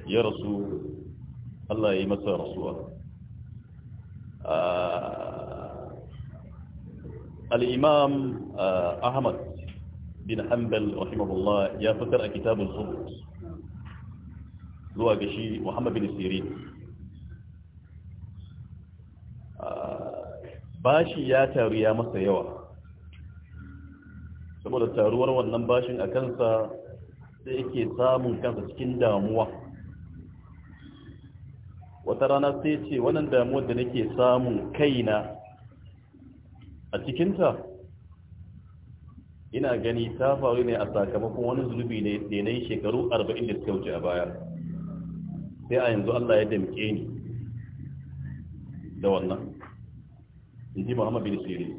ya rasu Allah ya yi masa rasuwa al'imam ahmad bin hanbal rahimahullah ya fitar a kitabun zuhud zuwa gashi muhammad bin sirin bashi ya taru ya masa yawa saboda taruwar wannan bashin a kansa sai yake samun kansa cikin damuwa wata rana sai ce wannan damuwar da nake samun kaina a cikinta ina gani ta faru ne a sakamakon wani zunubi ne da na yi shekaru 40 da suka wuce a baya sai a yanzu Allah ya damke ni da wannan in ji Muhammad bin siri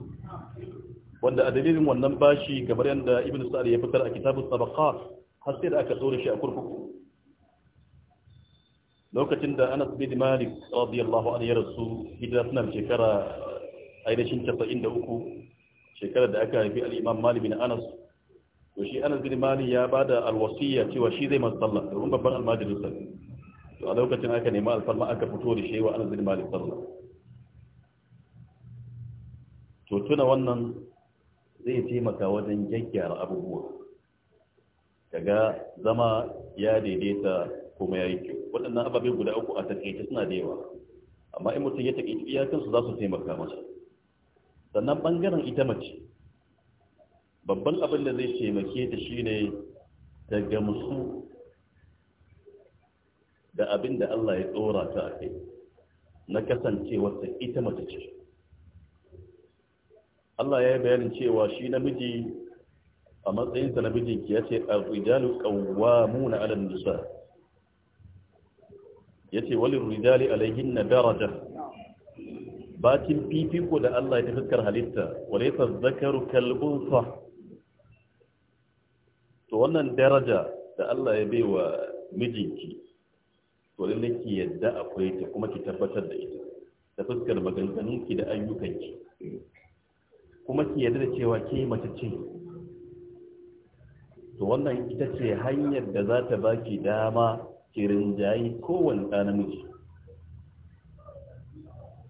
wanda a dalilin wannan bashi kamar yadda Ibn Sa'ad ya fitar a kitabun Tabaqat har sai da aka tsore shi a kurkuku lokacin da anas bin malik radiyallahu anhu ya rasu hijira suna shekara ainihin 93 shekara da aka haifi al-imam malik bin anas to shi anas bin malik ya bada alwasiya cewa shi zai masa sallah domin babban almajirin sa to a lokacin aka nema alfarma aka fito da shi wa anas bin malik sallah to tuna wannan zai taimaka wajen gyaggyara abubuwa kaga zama ya daidaita kuma ya yi kyau waɗannan ababe guda uku a takaice suna da yawa amma in mutum ya takaice iyakansu za su taimaka masa sannan ɓangaren ita mace babban abin da zai taimake ta shi ne ta gamsu da abin da Allah ya tsora ta a kai na ta ita mace ce Allah ya yi bayanin cewa shi namiji a matsayinsa na mijinki ya ce a rijalu ƙawwamuna ala nisa ya ce walin rijali alaihin na daraja batin fifiko da Allah ya fuskar halitta walaisa zakaru kalbunsa to wannan daraja da Allah ya bai wa mijinki to lalle ki yadda akwai ta kuma ki tabbatar da ita ta fuskar maganganunki da ayyukanki kuma ki yadda da cewa ke mace ce to wannan ita ce hanyar da za ta baki dama kirin jayi kowane ɗa namiji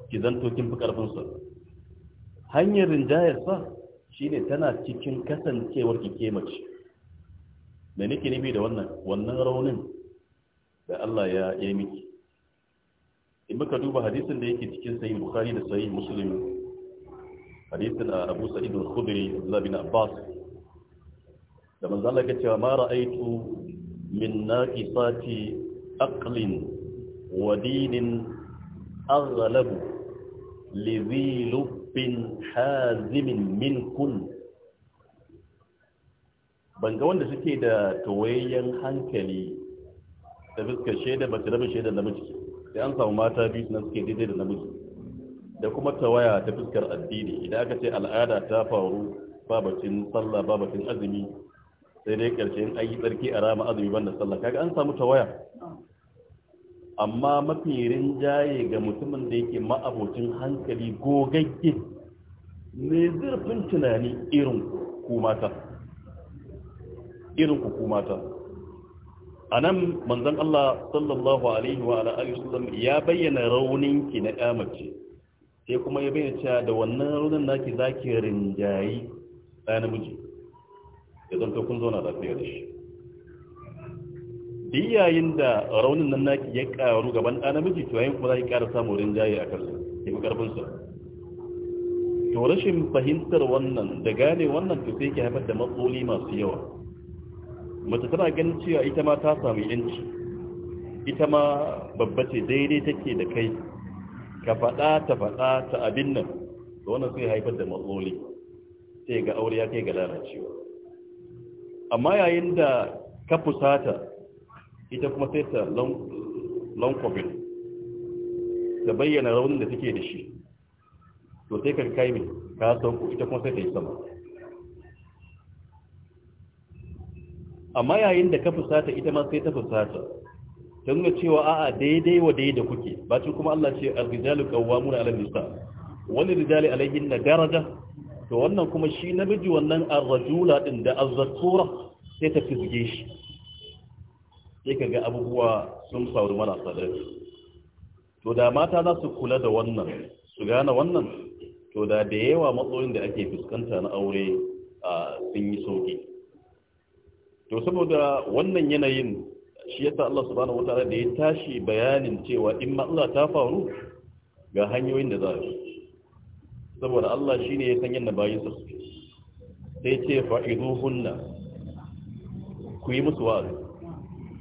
ki zanto kin fi hanyar rinjayarsa shine tana cikin kasancewar ki ke mace da nake nufi da wannan wannan raunin da Allah ya yi miki in muka duba hadisin da yake cikin sahih bukhari da sahih muslim hadisin ah, abu sa'id al-khudri Abdullah na Abbas da manzo Allah ya mara ma من ناقصات أقل ودين أغلب لذي لب حازم من كل banga wanda suke da tawayyan hankali da fuskar shaida ba ta rabin shaida namiji sai an samu mata biyu nan suke daidai da namiji da kuma tawaya ta fuskar addini idan aka ce al'ada ta faru babacin sallah babacin azumi sai dai karshe in ayi tsarki a rama azumi banda sallah kaga an samu tawaya amma mafi rinjaye ga mutumin da yake ma'abocin hankali gogagge mai zurfin tunani irin ku mata irin ku mata a nan manzon Allah sallallahu alaihi wa alihi wasallam ya bayyana raunin ki na kamace sai kuma ya bayyana cewa da wannan raunin naki zaki rinjayi ɗaya namiji ya zanto kun zauna lafiya da shi duk yayin da raunin nan naki ya karu gaban ɗa namiji to yayin kuma za ki ƙara samun rinjaye a kansa ki fi ƙarfinsa to rashin fahimtar wannan da gane wannan to sai ki haifar da matsoli masu yawa mace tana ganin cewa ita ma ta samu yanci ita ma babba ce daidai take da kai ka faɗa ta faɗa ta abin nan da wannan sai haifar da matsoli sai ga aure ya kai ga lalacewa amma yayin da ka fusata ita kuma sai ta covid ta bayyana raunin da take da shi to sai ka kai mai ka sauko ita kuma sai ta yi sama amma yayin da ka fusata ita ma sai ta fusata ta nuna cewa a'a daidai wa daidai kuke Ba bacin kuma Allah ce al rijalu qawwamuna ala nisa wani rijali alayhin na daraja to wannan kuma shi namiji wannan arrajula din da azzatura sai ta fizge shi sai ka ga abubuwa sun faru mana daɗi to da mata za su kula da wannan su gane wannan to da da yawa matsalolin da ake fuskanta na aure a sun yi sauki to saboda wannan yanayin shi yasa Allah subhanahu wataala da ya tashi bayanin cewa in matsala ta faru ga hanyoyin da za su. saboda Allah shi ne ya san yadda bayin su sai ce fa'iduhunna ku yi musu wa'azi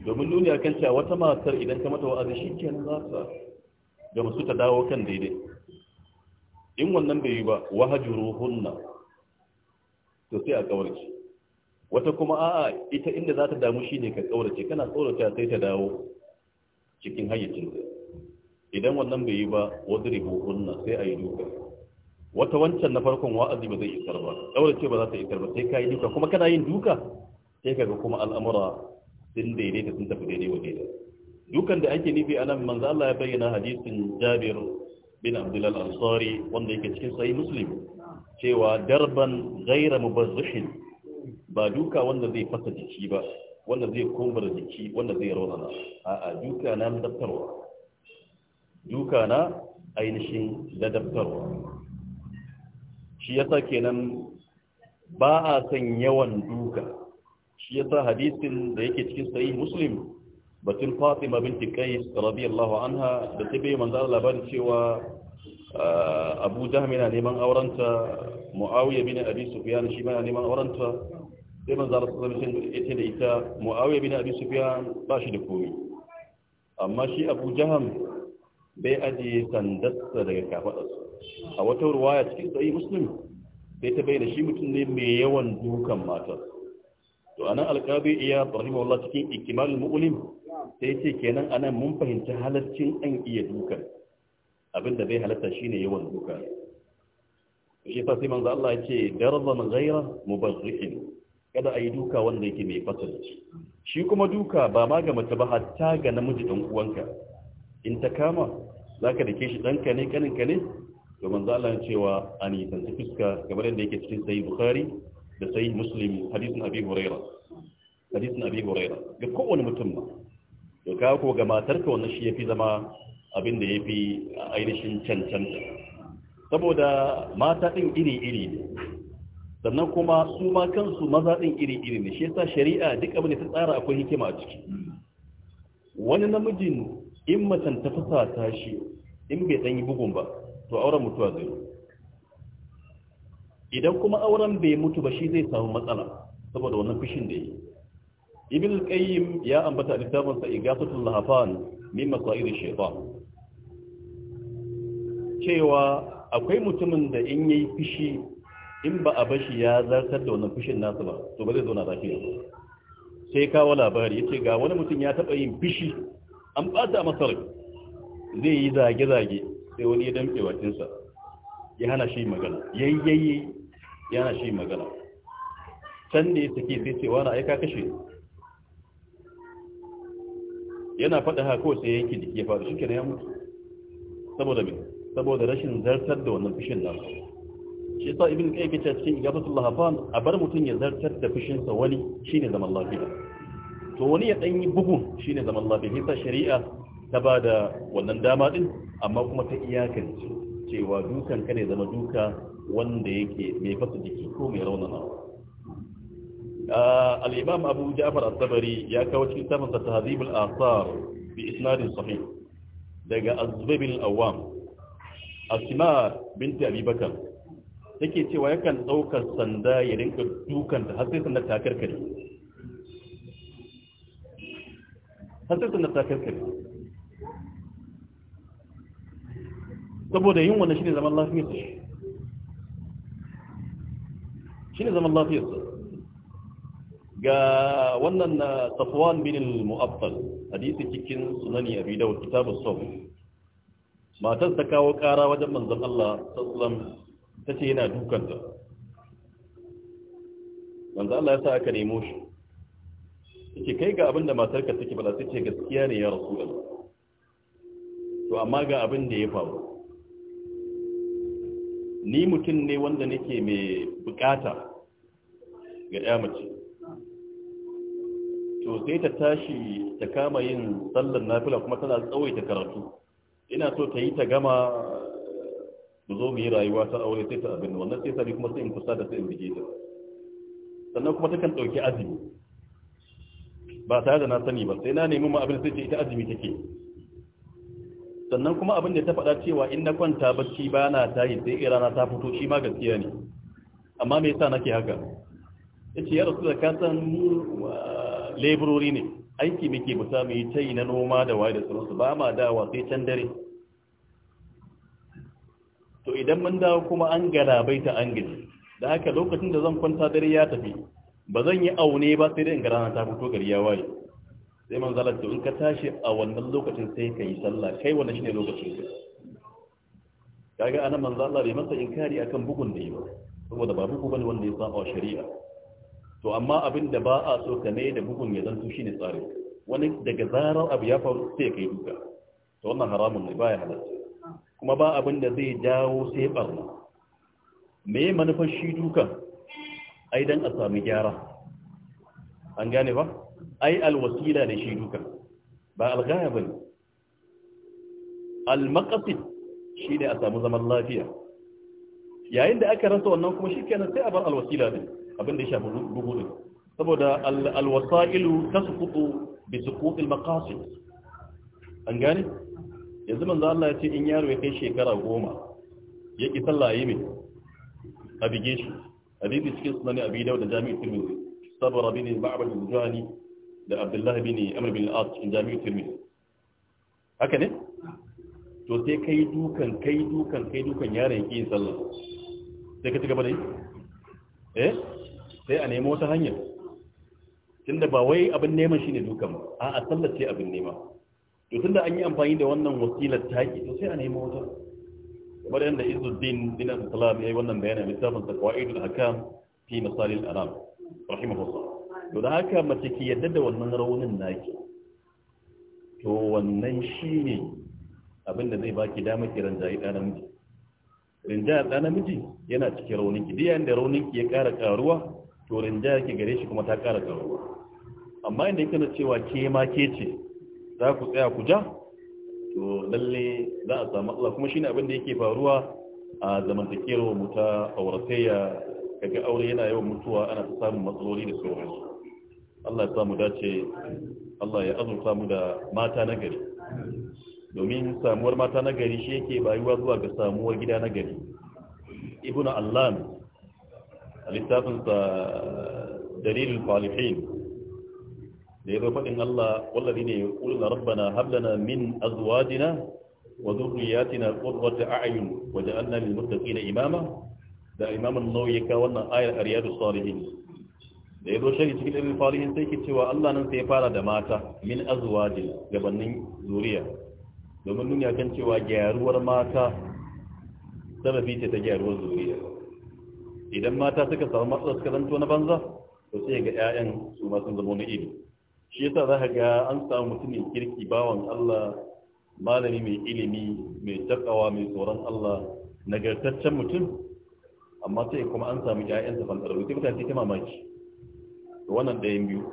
domin duniya kan cewa wata matar idan ta mata wa'azi shi shikenan za ta ga musu ta dawo kan daidai in wannan bai yi ba wahjuruhunna to sai a kawarci wata kuma a'a ita inda za ta damu ne ka kaurace kana tsorata sai ta dawo cikin hayyacin da. idan wannan bai yi ba wadribuhunna sai a yi duka wata wancan na farkon wa'azi ba zai isar ba daura ce ba za ta isar ba sai ka yi duka kuma kana yin duka sai ka kuma al'amura sun daidaita sun tafi daidai wa daidai dukan da ake nufi anan manzo Allah ya bayyana hadisin Jabir bin Abdullah al-Ansari wanda yake cikin sahih Muslim cewa darban ghaira mubazzihin ba duka wanda zai fasa jiki ba wanda zai kumbura jiki wanda zai raunana a'a duka na ladabtarwa duka na ainihin ladabtarwa shi yasa kenan ba a san yawan duka shi yasa hadisin da yake cikin sahih muslim batun fatima binti qais radiyallahu anha da ta bai manzo labarin cewa ah, abu jahm neman aurenta muawiya bin abi sufyan shi ma neman aurenta sai manzo sallallahu alaihi wasallam da ita muawiya bin abi sufyan ba shi da komai amma shi abu jahm bai ajiye sandarsa daga kafadarsa a wata ruwaya cikin tsayi muslim sai ta bayyana shi mutum ne mai yawan dukan mata. to anan alqabi iya rahimahullah cikin ikmal mu'lim sai ce kenan anan mun fahimci halaccin an iya dukan abinda bai halatta shine yawan duka shi fa sai manzo Allah ya ce darban ghaira mubarrihin kada ayi duka wanda yake mai fasalci shi kuma duka ba ma ga mace ba hatta ga namiji dan uwanka in ta kama zaka dake shi danka ne kaninka ne to manzo Allah ya cewa an yi tantu fuska kamar yadda yake cikin sahih bukhari da sahih muslim hadisin abi huraira hadisin abi huraira ga kowane mutum ma to ka ko ga matarka wannan shi yafi zama abin da yafi ainihin cancanta saboda mata din iri iri ne sannan kuma su ma kansu maza din iri iri ne shi yasa shari'a duk abin da ta tsara akwai hikima a ciki wani namijin in macen ta fusata shi in bai dan yi bugun ba to auren mutuwa zai idan kuma auren bai mutu ba shi zai samu matsala saboda wannan fushin da yi ibn al-qayyim ya ambata littafin sa igafatul lahafan Mimma masair shaytan cewa akwai mutumin da in yayi fushi in ba a bashi ya zartar da wannan fushin nasa ba to ba zai zauna lafiya ba sai kawo labari yace ga wani mutum ya taba yin fushi an bata masa zai yi zage-zage sai wani ya damke bakinsa ya hana shi magana yayyayi ya hana shi magana can da ya take sai ce na aika kashe yana faɗa haka kawai sai yanki jiki ya faru shi kenan ya mutu saboda me saboda rashin zartar da wannan fushin nan shi sa ibn kai kace cikin igafatul lahafan a bar mutum ya zartar da fushinsa wani shine zaman lafiya to wani ya danyi bugun shine zaman lafiya shi sa shari'a ta ba da wannan dama din amma kuma ta iyakance cewa dukan ka ne zama duka wanda yake mai fasa jiki ko mai raunanawa Alimam imam abu ja'far at-tabari ya kawo cikin tafsir tahdhib al-athar bi isnad sahih daga az Awam. al-awwam asma binti abi bakar take cewa yakan ɗaukar sanda ya rinka dukan ta har sai sanda ta karkare har sanda ta karkare saboda yin wannan shine zaman lafiyar shi shine zaman lafiyar ga wannan uh, Safwan bin al-Mu'affal hadisi cikin sunani Abi Dawud kitabus sawm matar ta kawo kara wajen manzon Allah sallallahu alaihi tace yana dukan ta manzon Allah ya sa aka nemo shi yace kai ga abinda matarka take bala sai gaskiya ne ya rasulullah to amma ga abin da ya faru ni mutum ne wanda nake mai bukata ga ya mace to sai ta tashi ta kama yin sallar nafila kuma tana tsawaita karatu ina so ta yi ta gama mu zo mu yi rayuwa ta aure sai ta abin wannan sai sabi kuma sai in kusa da sai in bige ta sannan kuma takan ɗauki azumi ba tare da na sani ba sai na nemi ma abin sai ce ita azumi take sannan kuma abin da ta faɗa cewa in na kwanta bacci ba na tayi sai irana ta fito shi ma gaskiya ne amma me yasa nake haka yace ya rasu da ka san mu laborori ne aiki muke mu samu yi tayi na noma da waye da sauransu ba ma dawa sai can dare to idan mun dawo kuma an ta an gaji da haka lokacin da zan kwanta dare ya tafi ba zan yi aune ba sai dai in gara rana ta fito gari ya waye sai man zalar in ka tashi a wannan lokacin sai ka yi sallah kai wannan ne lokacin ka kaga anan manzo Allah bai masa inkari akan bugun da yi ba saboda ba bugu bane wanda ya saba shari'a to amma abin da ba a so ka ne da bugun ya zanto shine tsari wani daga zarar abu ya faru sai kai duka to wannan haramun ne baya halatta kuma ba abin da zai jawo sai barna me manufar shi duka? ai dan a sami gyara an gane ba ai alwasila da shi duka ba algaya bane almaqasid shine a samu zaman lafiya yayin da aka rasa wannan kuma shikenan sai a bar alwasila din abin da ya shafi bugu din saboda alwasailu tasqutu bi suqut almaqasid an gane yanzu manzo Allah ya ce in yaro ya kai shekara goma ya ki sallah yi min. a bige shi hadisi cikin sunan abi dawo da jami'in tirmidhi sabra bin ba'bal al-jani da abdullahi bin amr bin al-as in jami'u tirmidhi haka ne to sai kai dukan kai dukan kai dukan yaron yake yin sallah sai ka ci gaba da yi eh sai a nemo wata hanya tunda ba wai abin neman shine dukan ba a sallah ce abin nema to tunda an yi amfani da wannan wasilar taki to sai a nemo wata kamar yadda Izzuddin bin salam, ya yi wannan bayanin littafin sa Qawaidul Hakam fi Masalil Anam rahimahullah to da haka mace ki yadda da wannan raunin naki to wannan shi ne abinda zai baki dama ki rinjayi ɗa namiji rinjaya ɗa namiji yana cikin raunin ki diyan da rauninki ya ƙara karuwa? to rinjaya ki gare shi kuma ta ƙara karuwa. amma inda yake na cewa ke ma ke ce za ku tsaya ku ja to lalle za a samu Allah kuma shine abin da yake faruwa a zamantakewar mu ta auratayya kaga aure yana yawan mutuwa ana ta samun matsaloli da sauransu Allah ya samu dace Allah ya azurta mu da mata na gari domin samuwar mata na gari shi yake bayuwa zuwa ga samuwar gida na gari ibnu allam a littafinsa dalilin falihin da ya faɗin Allah wallazi ne yaqulu rabbana hab lana min azwajina wa dhurriyyatina qurrata a'yun waj'alna lil muttaqina imama da imam an ya kawo wannan ayar riyadus salihin da ya zo shari cikin ɗin farihin sai ke cewa Allah nan sai ya fara da mata min azwajin gabanin zuriya domin nuni kan cewa gyaruwar mata sababi ce ta gyaruwar zuriya idan mata suka samu matsalar suka zanto na banza to sai ga 'ya'yan su ma sun zama na ido shi yasa za ka ga an samu mutumin kirki bawan Allah malami mai ilimi mai takawa mai tsoron Allah nagartaccen mutum amma sai kuma an samu 'ya'yansa fantarau sai mutane ta mamaki wannan ɗayan biyu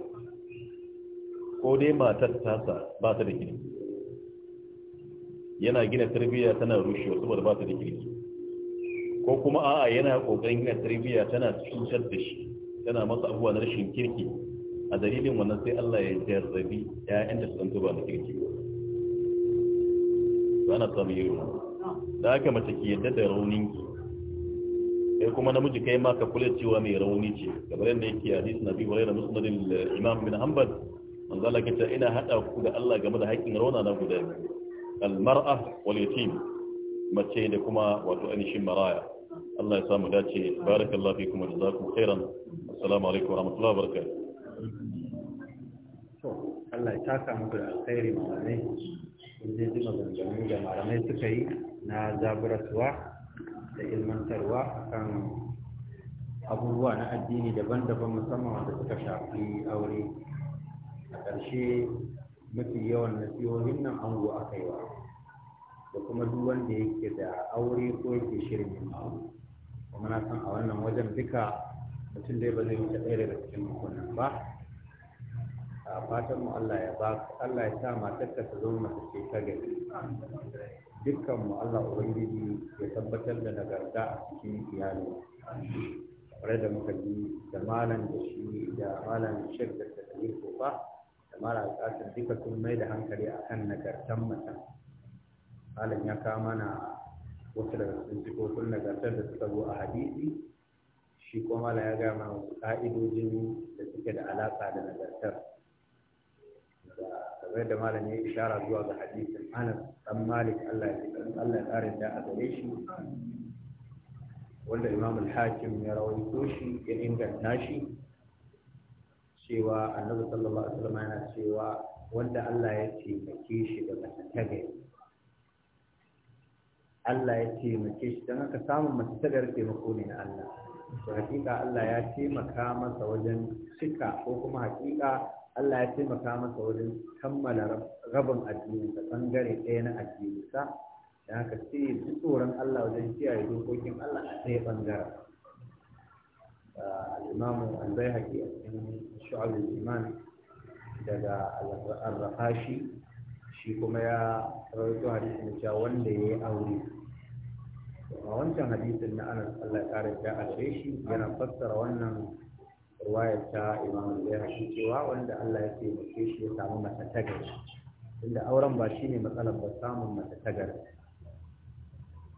ko dai matar tasa ba ta da kirki yana gina tarbiyya tana rushe saboda ba ta da kirki ko kuma a'a yana kokarin gina tarbiyya tana cutar da shi tana masa abubuwa na rashin kirki a dalilin wannan sai Allah ya jarrabi ƴaƴan da sun ba da kirki ba ana samu yaro da haka mace ki yadda da raunin ki sai kuma namiji kai ma ka kula cewa mai rauni ce kamar yadda yake hadisi na biyu da musnadin imam bin hanbal manzo Allah kace ina hada ku da Allah game da haƙƙin rauna na guda al mar'a wal yatim mace da kuma wato anishin maraya Allah ya samu dace barakallahu fikum wa jazakum khairan assalamu alaikum wa rahmatullahi wa barakatuh to Allah ya taka muku da alkhairi malamai in dai ji maganganun da malamai suka yi na zaburatuwa da ilmantarwa akan abubuwa na addini daban-daban musamman wanda suka shafi aure a ƙarshe mafi yawan nasihohin nan ango a kaiwa da kuma duk wanda yake da aure ko yake shirin yin aure kuma na san a wannan wajen duka mutum dai ba zai wuce ɗaya daga cikin mukunan ba a fatan mu Allah ya ba Allah ya sa matarka ta zama mace ce ta gari dukkan mu Allah ubangiji ya tabbatar da nagarta a cikin iyali tare da muka ji da malam da shi da malam shek da ko kofa da malam alƙasar duka sun mai da hankali akan nagartan mata malam ya kama na wasu daga cikin sifofin nagartar da suka zo a hadisi shi kuma malam ya gama wasu ka'idojin da suke da alaƙa da nagartar kamar yadda malam ya ishara zuwa ga hadisin Anas dan Malik Allah ya Allah ya kare da a gare shi wanda Imam al-Hakim ya rawaito shi ya inganta shi cewa Annabi sallallahu alaihi wasallam yana cewa wanda Allah ya taimake shi daga tagari Allah ya taimake shi don haka samun masu tagar taimako ne na Allah to hakika Allah ya taimaka masa wajen cika ko kuma hakika Allah ya taimaka masa wurin kammala rabin addini da bangare ɗaya na addini da haka sai ji tsoron Allah wajen kiyaye dokokin Allah a ɗaya bangaren ah, al-Imam al a cikin Shu'ab iman daga al-Rahashi shi kuma ya rawaito hadisin cewa wanda ya yi aure a wancan hadisin na Anas Allah ya kare ya a shi yana fassara wannan ruwayar ta imam al-bayhaqi cewa wanda Allah ya ce mace shi ya samu mata tagar inda auren ba ne matsalar ba samun mata tagar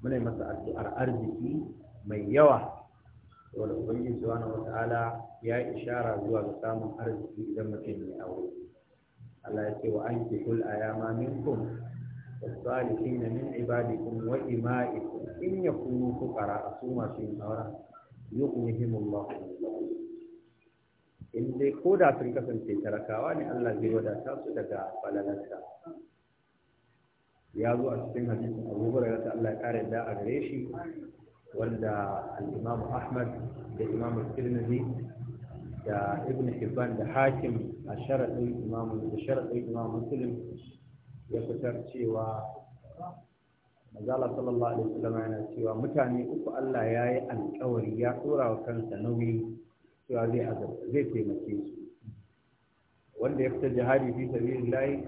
muna masa addu'ar arziki mai yawa wanda ubangiji wata ala ya ishara zuwa ga samun arziki idan mace mai aure Allah ya ce wa ankihul ayama minkum والصالحين من عبادكم وإمائكم إن يكونوا فقراء ثم في النار يغنيهم الله من in dai ko da sun kasance tarakawa ne Allah zai wadata su daga falalarsa ya zo a cikin hadisin ya ta Allah ya kare da a gare shi wanda al-Imam Ahmad da Imam Tirmidhi da Ibn Hibban da Hakim a sharadin Imam da sharadin Imam Muslim ya fitar cewa Mazala sallallahu alaihi wasallam yana cewa mutane uku Allah ya yi alƙawari ya tura wa kansa nauyi cewa zai taimake su wanda ya fita jihadi fi layi,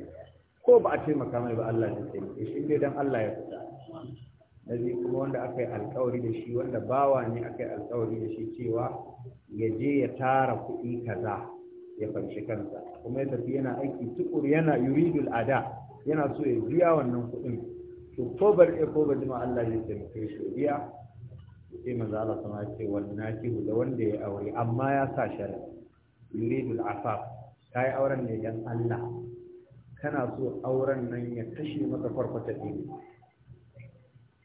ko ba a taimaka mai ba Allah zai taimake shi dan Allah ya fita na zai kuma wanda aka yi alkawari da shi wanda bawa ne aka yi alkawari da shi cewa ya je ya tara kuɗi kaza ya fanshi kansa kuma ya tafi yana aiki tukur yana yuridul ada yana so ya biya wannan kuɗin to ko bar ko ba jima Allah zai taimake shi ya biya sai manzo Allah sama ce wannan kihu da wanda ya aure amma ya sa shari'a yuridul afaf kai auren ne dan Allah kana so auren nan ya kashe maka farfata ɗin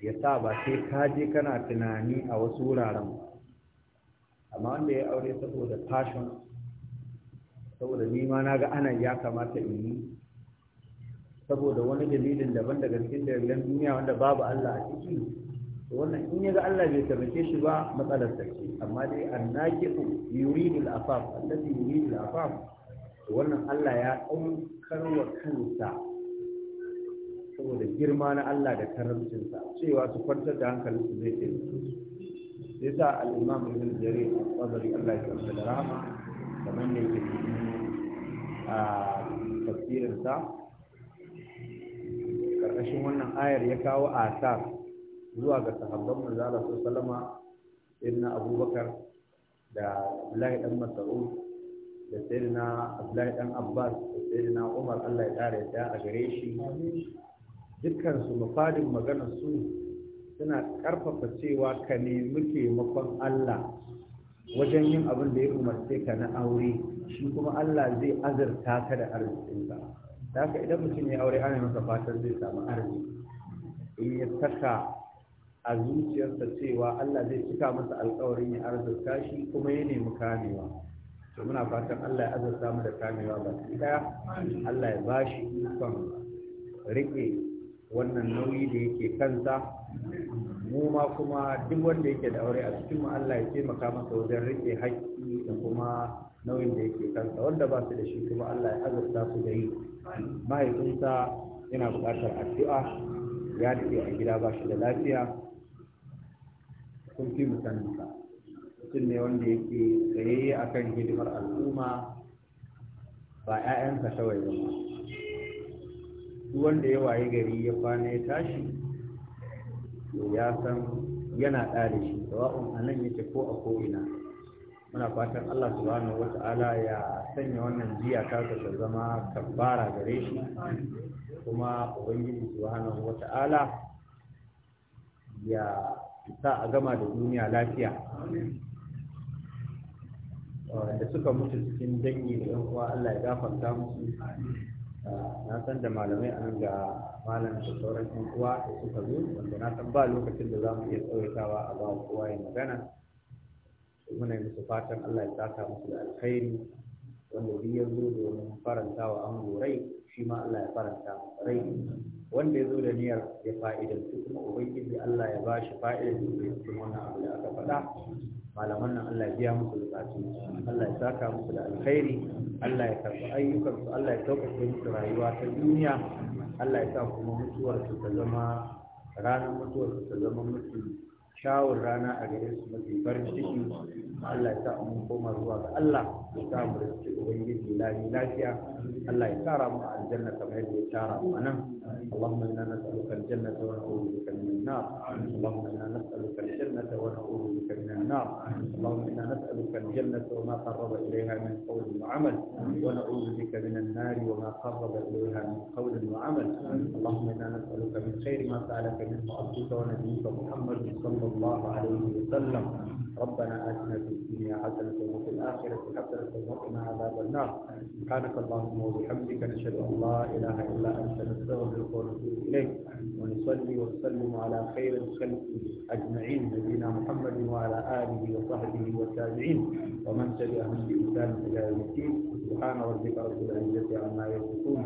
ya sa ba sai ka je kana tunani a wasu wuraren amma wanda ya aure saboda passion saboda nima na ga ana ya kamata in yi saboda wani dalilin daban daga cikin dalilan duniya wanda babu Allah a ciki In wannan in yaga Allah bai tabbace shi ba matsalar ta ce amma dai annaqifu yuridu al-afaf allazi yuridu al-afaf wannan Allah ya daukar wa kansa saboda girma na Allah da karamcinsa cewa su kwantar da hankalin su zai ce su sai sa al-imam ibn jarir Allah ya rahama da kamar ne ke a tafsirinsa karkashin wannan ayar ya kawo asar zuwa ga sahabban manzala sallama salama sayyidina abubakar da abdullahi dan mas'ud da sayyidina abdullahi dan abbas da sayyidina umar allah ya kare ta a gare shi dukkan su mafadin maganar su suna karfafa cewa ka nemi taimakon allah wajen yin abin da ya umarce ka na aure shi kuma allah zai azurta ka da arzikinka haka idan mutum ya aure ana masa fatan zai samu arziki in ya saka a zuciyarsa cewa Allah zai cika masa alƙawarin ya arzuta shi kuma ya nemi kamewa to muna fatan Allah ya azurta mu da kamewa ba su daya Allah ya ba shi ikon riƙe wannan nauyi da yake kansa mu ma kuma duk wanda yake da aure a cikin mu Allah ya taimaka masa wajen riƙe haƙƙi da kuma nauyin da yake kansa wanda ba su da shi kuma Allah ya azurta su da yi mahaifinsa yana buƙatar addu'a ya daɗe a gida ba shi da lafiya kun fi mu mutum ne wanda yake a kan hidimar al'umma ba 'ya'yansa kawai ba duk wanda ya waye gari ya kwana ya tashi to ya san yana ɗari shi sawa'un a nan yake ko a ko'ina muna fatan Allah subhanahu ta'ala ya sanya wannan jiya kasa ta zama tabbara gare shi kuma ubangiji subhanahu ta'ala ya sa a gama da duniya lafiya da suka mutu cikin dangi da yan uwa Allah ya gafarta musu na san da malamai an ga malam da sauran yan uwa da suka zo wanda na san ba lokacin da za mu iya tsawaitawa a ba kowa ya magana muna musu fatan Allah ya saka musu da alkhairi wanda duk zo domin faranta wa an rai shi ma Allah ya faranta rai wanda ya zo da niyyar ya fa'idantu kuma ubangiji Allah ya bashi fa'idan da zai cikin wannan abu da aka faɗa malaman nan Allah ya biya musu bukatu Allah ya saka musu da alkhairi Allah ya karɓi ayyukansu Allah ya ɗaukaka musu rayuwa ta duniya Allah ya sa kuma mutuwar su ta zama ranar mutuwar su ta zama mutu kyawun rana a gare su mafi farin ciki Allah ya sa mun koma zuwa ga Allah ya sa mu riski ubangiji lafi lafiya Allah ya tara mu aljanna kamar yadda ya tara mu nan Allahumma inna nas'aluka aljannata wa na'udhu bika min an-nar Allahumma inna nas'aluka aljannata wa na'udhu bika min an-nar Allahumma inna nas'aluka الجنة وما قرب إليها من قول وعمل ونعوذ بك من النار وما قرب إليها من قول وعمل اللهم إنا نسألك من خير ما سألك منه عبدك ونبيك محمد صلى الله عليه وسلم ربنا آتنا في الدنيا حسنة وفي الآخرة حسنة وقنا عذاب النار سبحانك اللهم وبحمدك نشهد أن لا إله إلا أنت نستغفرك ونتوب إليك ونصلي ونسلم على خير الخلق أجمعين نبينا محمد وعلى آله وصحبه والتابعين ومن تبعهم بإحسان إلى يوم الدين سبحان ربك رب العزة عما يصفون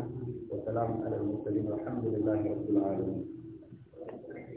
وسلام على المرسلين والحمد لله رب العالمين